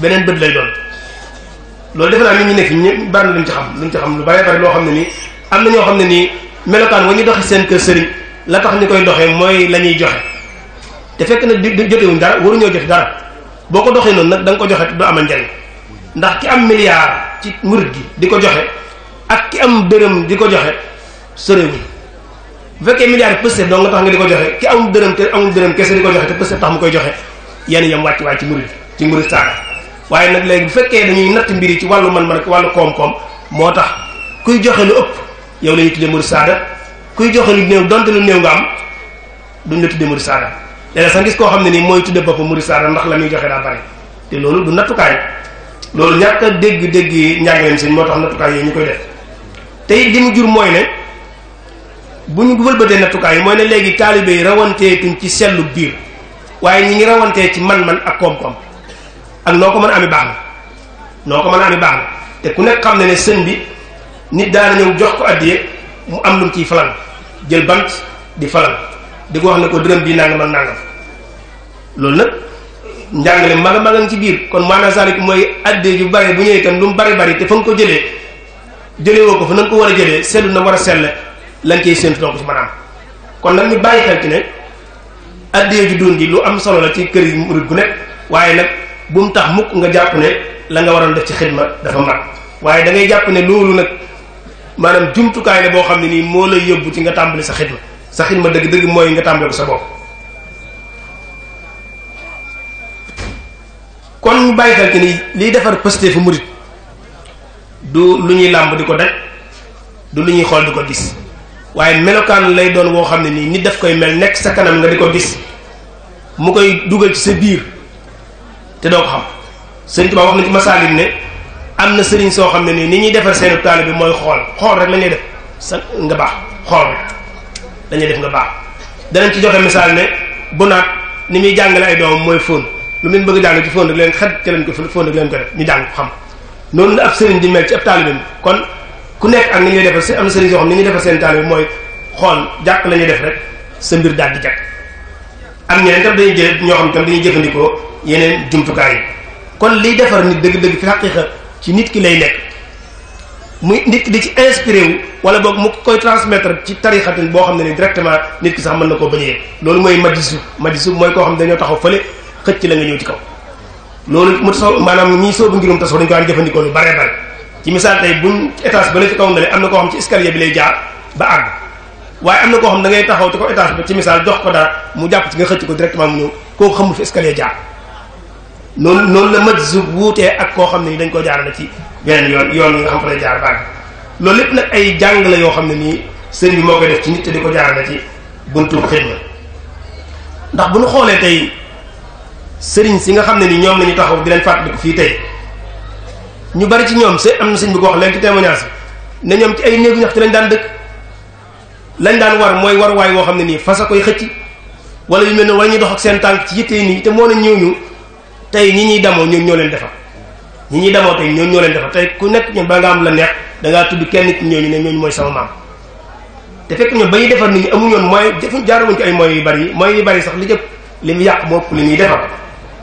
beneen bët lay doon loolu defe naa nit ñi nekk ñëpp bari na luñ ci xam luñ ci xam lu bare bari loo xam ne nii am na ñoo xam ne nii melokaan wa ñu doxe seen kër sëriñ la tax ñu koy doxee mooy la ñuy joxe te fekk nag di jotewuñ dara waruñoo jot dara boo ko doxee noonu nag da nga ko joxe du amal njariñ ndax ki am milliard ci murid gi di ko joxe ak ki am dërëm di ko joxe soriwul bu fekkee milliard pëste doo nga tax nga di ko joxe ki amul dërëm te amul dërëm kese di ko joxe te pëste tax mu koy joxe yenn yam wàcc waay ci murid ci murid saaga waaye nag léegi bu fekkee dañuy natt mbir yi ci wàllu man-man ak wàllu koom-koom moo tax kuy joxe lu ëpp yow la ñuy tuddee kuy joxe lu néew donte lu néew nga am duñ la tuddee murid léeg sax gis koo xam ne nii mooy tudde boppam murid saada ndax la muy joxe daa bari te loolu du nattukaay loolu ñàkk dégg dégg yi njàngaleen sëñ moo tax nattukaay yooyu ñu koy def te it di mu jur mooy ne bu ñu wëlbatee nattukaay yi mooy ne léegi taalibe yi rawanteetuñ ci sellu biir waaye ñi ngi rawantee ci man-man ak koom-koom ak noo ko mën a amee baax na noo ko mën a amee baax na te ku nekk xam ne ne sëñ bi nit daana ñëw jox ko addiye mu am lu mu ciy falal jël di falal di ko wax ne ko dërëm bii naa nangam man nangam loolu nag njàngale mag a mag ci biir kon maanaam saalik mooy addee ju bare bu ñëwee itam lu mu bari bari te fa nga ko jëlee jëlee woo ko fa na ko war a jëlee seetlu na war a sell lañ cey séentu donc ci maanaam kon nag ñu bàyyi xel ci ne addee ju dund ji lu am solo la ci kër yi mu murid gu nekk waaye nag bu mu tax mukk nga jàpp ne la nga waroon def ci xidma dafa mag waaye dangay jàpp ne loolu nag maanaam jumtukaay la boo xam ne nii moo la yóbbu ci nga tàmbali sa xidma sa xilma dëgg dëgg mooy nga tàmbale ko sa bopp kon mu bàyyi xel ci ni liy defar pëste fu murit du lu ñuy làmb di ko daj du lu ñuy xool di ko gis waaye melokaan lay doon woo xam ne nii nit daf koy mel nekk sa kanam nga di ko gis mu koy dugal ci sa biir te doo ko xam sëriñ Tuubaa wax na ci masaalim ne am na sëriñ soo xam ne nii ni ñuy defar seenu taalibe bi mooy xool xool rek lañ lay def sa nga baax xool dañuy def nga baax danañ ci joxe misaal ne bu naat ni muy jàngale ay doom mooy fóon lu mu bëgg jàng ci fóon rek leen xet ci leen ko fóon rek leen ko def ñu ko xam noonu la ab sëriñ di mel ci ab taalibam kon ku nekk ak ni ñuy defal seen am sëriñ yoo xam ñuy defal seen taalib mooy xool jàkk la ñuy def rek sa mbir daal di jàkk am ñeneen tam dañuy jël ñoo xam tam dañuy jëfandikoo yeneen jumtukaay yi kon liy defar nit dëgg-dëgg fi xaqiiqa ci nit ki lay nekk muy nit ki di ci inspiré wu wala boog mu koy transmettre ci tarixatin boo xam ne ni directement nit ki sax mën na koo bañ a yegg loolu mooy madisu madisu mooy koo xam ne dañoo taxaw fële xëcc la nga ñëw maanaam ñii soobu ngirum tasaw dañ ko daan jëfandikoo lu bare bare ci misaal tey buñ étage kaw am na koo xam ci escalier bi lay jaar ba àgg waaye am na koo xam da ngay taxaw ci ko étage ba ci misaal jox ko dara mu jàpp ci nga xëcc ko directement mu ñëw kooku xamul fi escalier noonu noonu la madisu wuutee ak koo xam ne ni dañ ko jaarale ci yeneen yoon yoon yi nga xam fa lay jaar bàgg loolu lépp nag ay jàng la yoo xam ne nii sëriñ bi moo koy def ci nit te di ko jaarale ci buntu xidma ndax bu nu xoolee tey sëriñ si nga xam ne nii ñoom la ñu taxaw di leen fàttaliku tey ñu bari ci ñoom se am na sëñ ko wax leen ci témoignage ay néegu ñax lañ daan dëkk lañ daan war mooy war waay woo xam ne nii fas a koy wala yu mel ne wala ñuy seen tànk ci yitte nii te moo na ñëw ñu tey ñi ñuy demoo ñun ñoo leen defar ñi ñuy demoo tey ñooñu ñoo leen defar tey ku nekk ñun ba la neex dangaa tudd kenn ci ñooñu ne ñooñu mooy sama maam te fekk ñun defar nit ñi amuñu woon mooy defuñ ci ay mooy yu bari mooy yu bari sax li jëpp li yàq moo li ñuy defar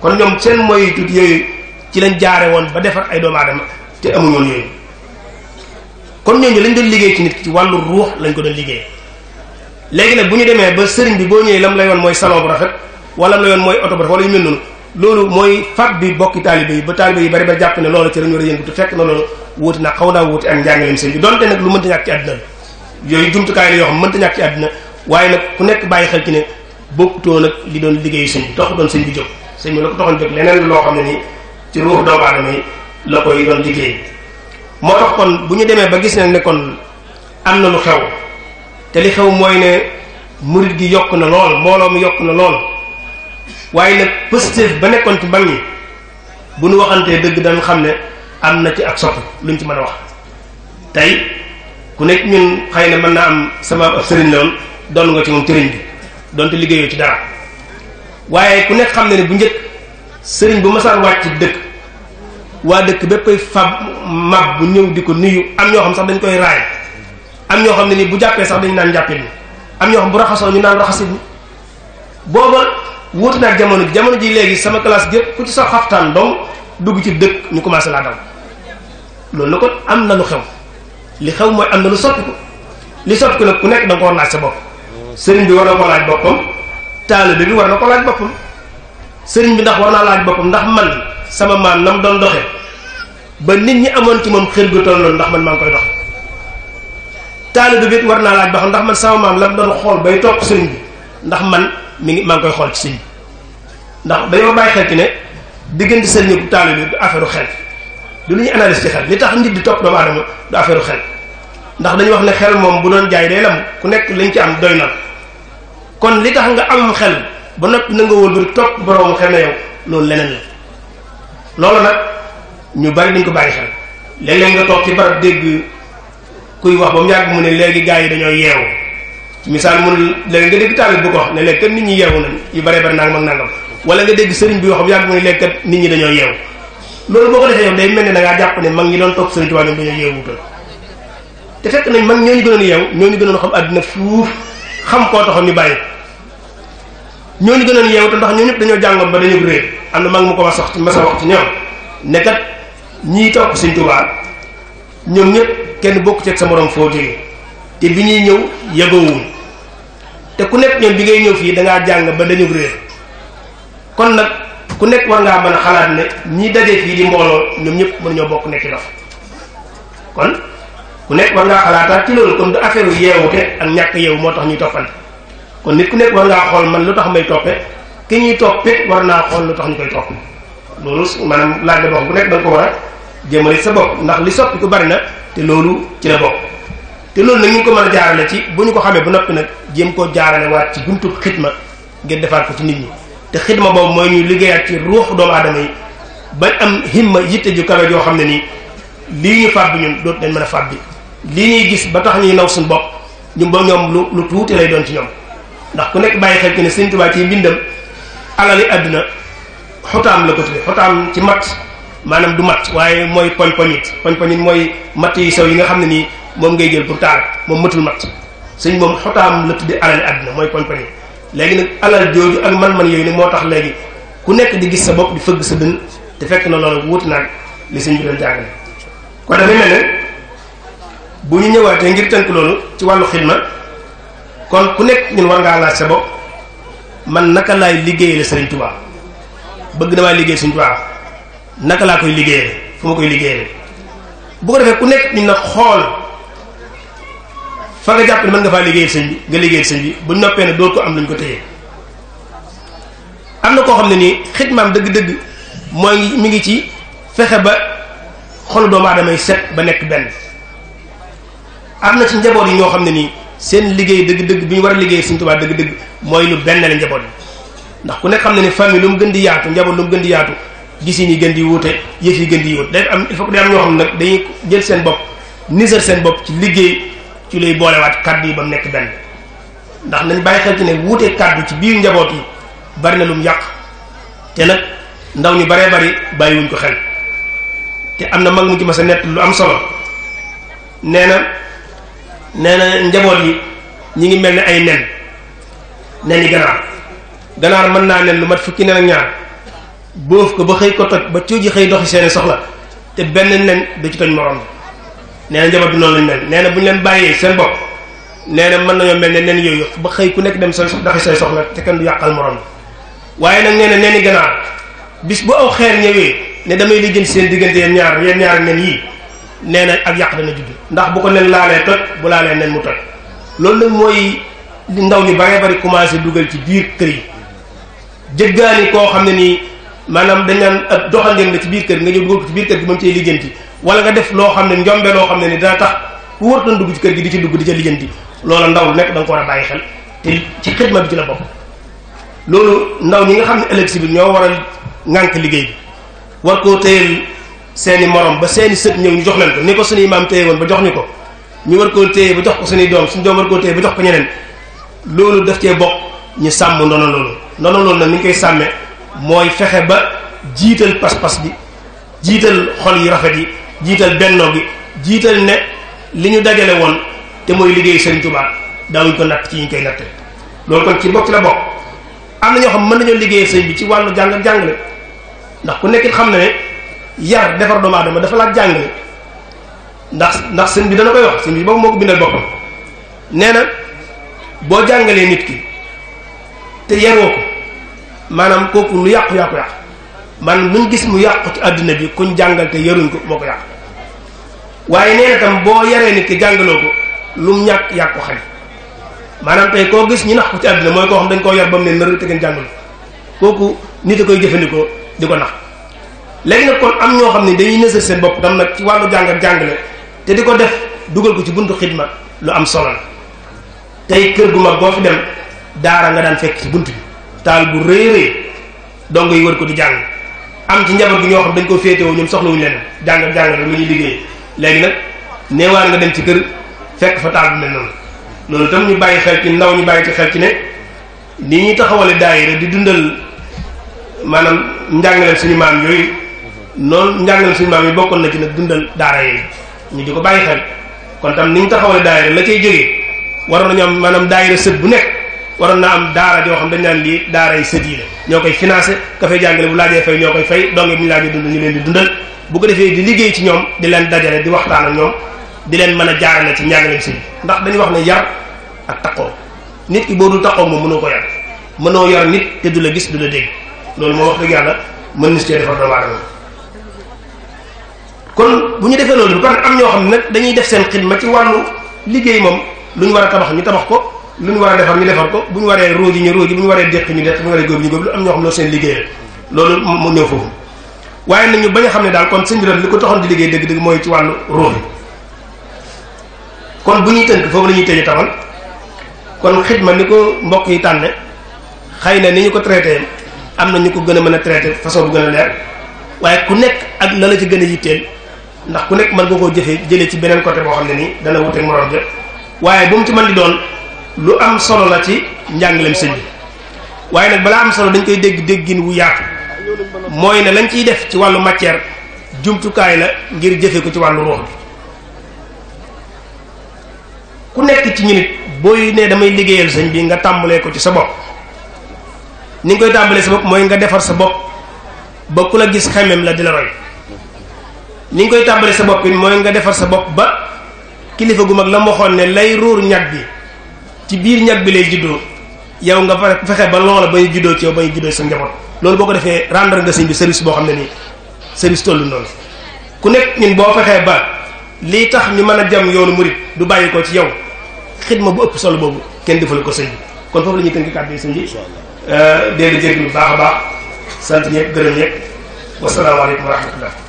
kon ñoom seen mooy tudd ci lañ jaare woon ba defar ay doomu aadama te amuñu woon yooyu kon ñooñu lañ doon liggéey ci ci wàllu ruux lañ ko doon liggéey léegi nag bu ñu demee ba sëriñ bi boo ñëwee lam la yoon mooy salon bu rafet wala la yoon mooy oto bu rafet wala yu mel noonu loolu mooy fab bi bokki taalibe yi ba taalibe yi bari ba jàpp ne loolu ci la ñu war a yëngatu fekk na loolu wuuti na xaw naa wuuti ak njàngaleem sëñ bi donte nag lu mënta ñàkk ci àdduna la jumtukaay yoo xam mënta ñàkk ci àdduna waaye nag ku nekk bàyyi xel ci ne bokkutoo nag li doon liggéeyu sëñ bi taxu doon sëñ bi jóg sëñ bi la ko taxoon jóg leneen loo xam ne nii ci ruux doomu aadama yi la koy doon liggéey moo tax kon bu ñu demee ba gis ne ne kon am na lu xew te li xew mooy ne murit yokk na lool mbooloo mi yokk na lool waaye nag positif ba nekkoon ci mag ñi bu nu waxantee dëgg danga xam ne am na ci ak soppi luñ ci mën a wax tey ku nekk ñun xëy na mën naa am sama sëriñ la woon doon nga ci moom sëriñ bi donte liggéeyoo ci dara waaye ku nekk xam ne ne bu njëkk sëriñ bu ma masaan wàcc dëkk waa dëkk bépp koy fab mab bu ñëw di ko nuyu am ñoo xam sax dañ koy raay am ñoo xam ne nii bu jàppee sax dañ naan jàppee ni am ñoo xam bu raxasoo ñu naan raxasit ni booba wuute naa jamono bi jamono ji léegi sama classe gépp ku ci sa xaftaan dong dugg ci dëkk ñu commencé laa daw loolu la kon am na lu xew li xew mooy am na lu ko li soppiku nag ku nekk da nga ko war laaj sa bopp sëriñ bi war na ko laaj boppam taalibe bi war na ko laaj sëriñ bi ndax war naa laaj boppam ndax man sama maam nam doon doxe ba nit ñi amoon ci moom xel gu toll loolu ndax man maa ngi koy doxe taalibe bi war naa laaj ba ndax man sama maam lam doon xool bay topp sëriñ bi ndax man mi ngi maa ngi koy xool ci sëñ ndax dañoo bàyyi xel ci ne diggante sëñ ñi bu du affaire xel du lu ñuy analyse ci xel li tax nit di topp doomu aadama du affaire xel ndax dañu wax ne xel moom bu doon jaay day lam ku nekk liñ ci am doy na kon li tax nga amam xel ba noppi na nga wëlbati topp borom xel na yow loolu leneen la loolu nag ñu bari dañ ko bàyyi xel léeg-léeg nga toog ci barab dégg kuy wax ba mu yàgg mu ne léegi gars yi dañoo yeewu misaal mun léegi nga dégg taalib bu ko wax ne léegi kat nit ñi yeewu nañ yu bare bari nangam ak nangam wala nga dégg sëriñ bi waxam yàgg mu ne léegi kat nit ñi dañoo yeewu loolu boo ko defee yow day mel ne da ngaa jàpp ne mag ñi doon topp sëriñ Tuubaa ñoom dañoo te fekk nañ mag ñooñu gënoon yeew ñooñu gënoon xam àddina fuuf xam koo taxoon ñu bàyyi ñooñu gënoon yeew te ndax ñoo ñëpp dañoo jàngoon ba dañu réer am na mag mu ko ma sox ci ma sa wax ci ñii topp sëriñ Tuubaa ñëpp kenn bokk ci ak sa morom foo jógee te bi ñuy ñëw yeggoowuñ te ku nekk ñoom bi ngay ñëw fii dangaa jàng ba dañu réer kon nag ku nekk war ngaa mën a xalaat ne ñi daje fii di mbooloo ñoom ñëpp mën ñoo bokk nekk dof kon ku nekk war ngaa xalaataat ci affaire yeewu te ak ñàkk moo tax ñuy toppante kon nit ku nekk war xool man lu tax may toppe ki ñuy toppe war naa xool lu tax ñu koy topp loolu maanaam laaj la bokk ku nekk da ko war a jëmale sa bopp ndax li soppi ku bari na te loolu ci la bokk te loolu nag ñu ko mën a jaarale ci bu ñu ko xamee bu noppi nag jéem koo jaarale waat ci buntu xidma ngir defaat ko ci nit ñi te xidma boobu mooy ñu liggéeyaat ci ruux doomu aadama yi bañ am himma yitte ju kawe joo xam ne nii lii ñu fàbbi ñun dootu dañ mën a fàbbi lii ñuy gis ba tax ñuy naw suñu bopp ñu ba ñoom lu lu tuuti lay doon ci ñoom ndax ku nekk bàyyi xel ki ne Sëriñ Tuubaa ci mbindam alali àdduna xotaam la ko tudde xotaam ci mat maanaam du mat waaye mooy poñ poñit poñ mooy matt yu sew yi nga xam ne nii moom ngay jël pour taal moom matul mat sëñ moom xotaam la tudde alali àddina mooy compagnie léegi nag alal jooju ak man-man yooyu nag moo tax léegi ku nekk di gis sa bopp di fëgg sa dën te fekk na loolu wuti naag li sëñ bi doon jàngale kon ñu ñëwaatee ngir tënk loolu ci wàllu xidma kon ku nekk ñun war ngaa man naka laay liggéeyee la sëriñ bëgg damaa liggéey sëriñ Tuubaa naka laa koy liggéeyee fu ma koy liggéeyee ko defee ku nekk ñu na xool fa nga jàpp ne mën nga faa liggéeyal sëñ bi nga liggéeyal sëñ bi bu noppee ne doo ko am luñ ko téye am na koo xam ne nii xidmaam dëgg-dëgg mooy mu ngi ci fexe ba xolu doomu aadama set ba nekk benn am na ci njaboot yi ñoo xam ne nii seen liggéey dëgg-dëgg bi ñu war a liggéey Sëñ Tuubaa dëgg-dëgg mooy ñu benn la njaboot yi ndax ku nekk xam ne ni famille lu mu gën di yaatu njaboot lu mu gën di yaatu gis yi gën di wuute yëf yi gën di wuute day am il ñoo xam ne nag dañuy jël seen bopp niser seen bopp ci liggéey ci luy boolewaat kàddu yi ba mu nekk benn ndax nañ bàyyi xel ci ne wuute kàddu ci biir njaboot yi bari na lum yàq te nag ndaw ñu bare bari bàyyiwuñ ko xel te am na mag mu ci mas a nett lu am solo nee na nee na njaboot yi ñu ngi mel ni ay nen nen yi ganaar ganaar mën naa nen lu mat fukki nen ak ñaar boof ko ba xëy ko toj ba cuuji xëy doxi seeni soxla te benn nen du ci toj moroom nee na bi noonu lañ mel nee na bu ñu leen bàyyee seen bopp nee na mën nañoo mel ne nen yooyu ba xëy ku nekk dem sa doxi say soxla te kenn du yàqal morom waaye nag nee na nee ni ganaar bis bu aw xeer ñëwee ne damay lijjanti seen diggante yeen ñaar yeen ñaar nen yii nee na ak yàq dana judd ndax bu ko nen laalee toj bu laalee nen mu toj loolu nag mooy ndaw ñu bare bari commencé dugal ci biir kër yi jëggaani koo xam ne nii maanaam dañ naan ab doxandéem la ci biir kër nga ñëw dugal ko ci biir kër gi moom cay lijjanti wala nga def loo xam ne njombe loo xam ne ni dana tax ku wër doon dugg ci kër gi di ci dugg di ca lijjanti loola ndaw lu nekk da nga ko war a bàyyi xel te ci ma bi ci la bokk loolu ndaw ñi nga xam ne ëllëg si bi ñoo war a ŋànk liggéey bi war koo téyel seeni morom ba seeni sët ñëw ñu jox leen ko ni ko suñu imaam téye woon jox ni ko ñu war koo téye ba jox ko suñuy doom suñu doom war koo téye ba jox ko ñeneen loolu def cee bokk ñu sàmm ndono loolu ndono loolu nag ñu koy sàmmee mooy fexe ba jiital pas-pas bi jiital xol yi rafet yi jiital bennoo gi jiital ne li ñu dajale woon te mooy liggéey Sëriñ Tuubaa daawuñ ko natt ci ñu koy natte loolu kon ci bokk la bokk am na ñoo xam mën nañoo liggéey seen bi ci wàllu jàng jàngale ndax ku nekkit xam na ne yar defar doomu aadama dafa ndax ndax sëñ bi dana koy wax sëñ bi boobu moo ko bindal boppam nee na boo jàngalee nit ki te yaroo ko maanaam kooku lu yàqu yàqu yàqu man luñ gis mu yàqu ci àddina bi kuñ jàngal te yaruñ ko moo ko yàq waaye nee tam boo yaree nit ki jàngaloo ko lum ñàkk yàq ko xañ maanaam tey koo gis ñu nax ko ci àdduna mooy koo xam dañ koo yar ba mu ne nër te gën jàngalu kooku nit a koy jëfandikoo di ko nax léegi nag kon am ñoo xam ne dañuy nësër seen bopp tam nag ci wàllu jàng ak jàngale te di ko def dugal ko ci buntu xidma lu am solo la tey kër gu mag boo fi dem daara nga daan fekk ci bunt bi taal bu rëy rëy yi wër ko di jàng am ci njaboot gi ñoo xam dañ ko féetewoo ñoom soxlawuñu leen jàngal jàngal rek lu ñuy liggéey léegi nag neewaar nga dem ci kër fekk fa taal bu mel noonu loolu itam ñu bàyyi xel ci ndaw ñu bàyyi ci xel ci ne ni ñuy taxawale daayira di dundal maanaam njàngaleem suñu maam yooyu noonu njàngaleem suñu maam yi bokkoon na ci nag dundal daara yooyu ñu di ko bàyyi xel kon tam ni ñu taxawale daayira la cay jógee waroon nañu am maanaam daayira sët bu nekk waroon naa am daara joo xam dañ naan lii daara yi ñoo koy financé kafe fay jàngale bu laajee fay ñoo koy fay donge bu ñu laajee dund ñu leen di dundal bu ko defee di liggéey ci ñoom di leen dajale di waxtaan ak ñoom di leen mën a jaarale ci njàngale bi si ndax dañuy wax ne yar ak taqoo nit ki boo dul taqoo moom mënoo ko yar mënoo yar nit te du la gis du la dégg loolu moo wax dëgg yàlla mën na si cee defar doomu kon bu ñu defee loolu bu pare am ñoo xam ne nag dañuy def seen xidma ci wàllu liggéey moom lu ñu war a tabax ñu tabax ko lu ñu war a defar ñu defar ko bu ñu waree róoji ñu róoji bu ñu waree déq ñu déq bu ñu waree góob ñu góob lu am ñoo xam ne seen liggéey loolu moo ñëw foofu waaye nañu bañ a xam ne daal kon sëñ bi li ko taxoon di liggéey dëgg-dëgg mooy ci wàllu róobi kon bu ñu tënk foofu la ñuy tëje tamal kon xidma ni ko mbokk yi tànne xëy na ni ñu ko traité am na ñu ko gën a mën a traité façon bu gën a leer waaye ku nekk ak la la ci gën a yitteel ndax ku nekk man nga koo jëfee jëlee ci beneen côté boo xam ne nii dana wuteeg moroom ja waaye bu mu ci di doon lu am solo la ci njàngaleem sëñ bi waaye nag balaa am solo dañ koy dégg déggin wu yaatu mooy ne lañ ciy def ci wàllu matière jumtukaay la ngir jëfe ko ci wàllu ruux bi ku nekk ci ñu nit booy ne damay liggéeyal sëñ bi nga tàmbalee ko ci sa bopp ni nga koy tàmbalee sa bopp mooy nga defar sa bopp ba ku la gis xemem la di la roy ni nga koy tàmbalee sa bopp mooy nga defar sa bopp ba kilifa gu mag la mu ne lay ruur ñag bi ci biir ñag bi lay juddoo yow nga fa fexe ba loola bay juddoo ci yow bay juddoo ci sa njaboot loolu boo ko defee rendre nga sëñ bi service boo xam ne nii service tollu noonu ku nekk ñun boo fexee ba lii tax ñu mën a jam yoonu murit du bàyyi ko ci yow xidma bu ëpp sol boobu kenn defal ko sëñ bi kon foofu la ñuy tënk kàddu yi sëñ bi euh, déedéet jërëjëf bu baax a baax sant ñëpp gërëm ñëpp wasalaamaaleykum wa rahmatullah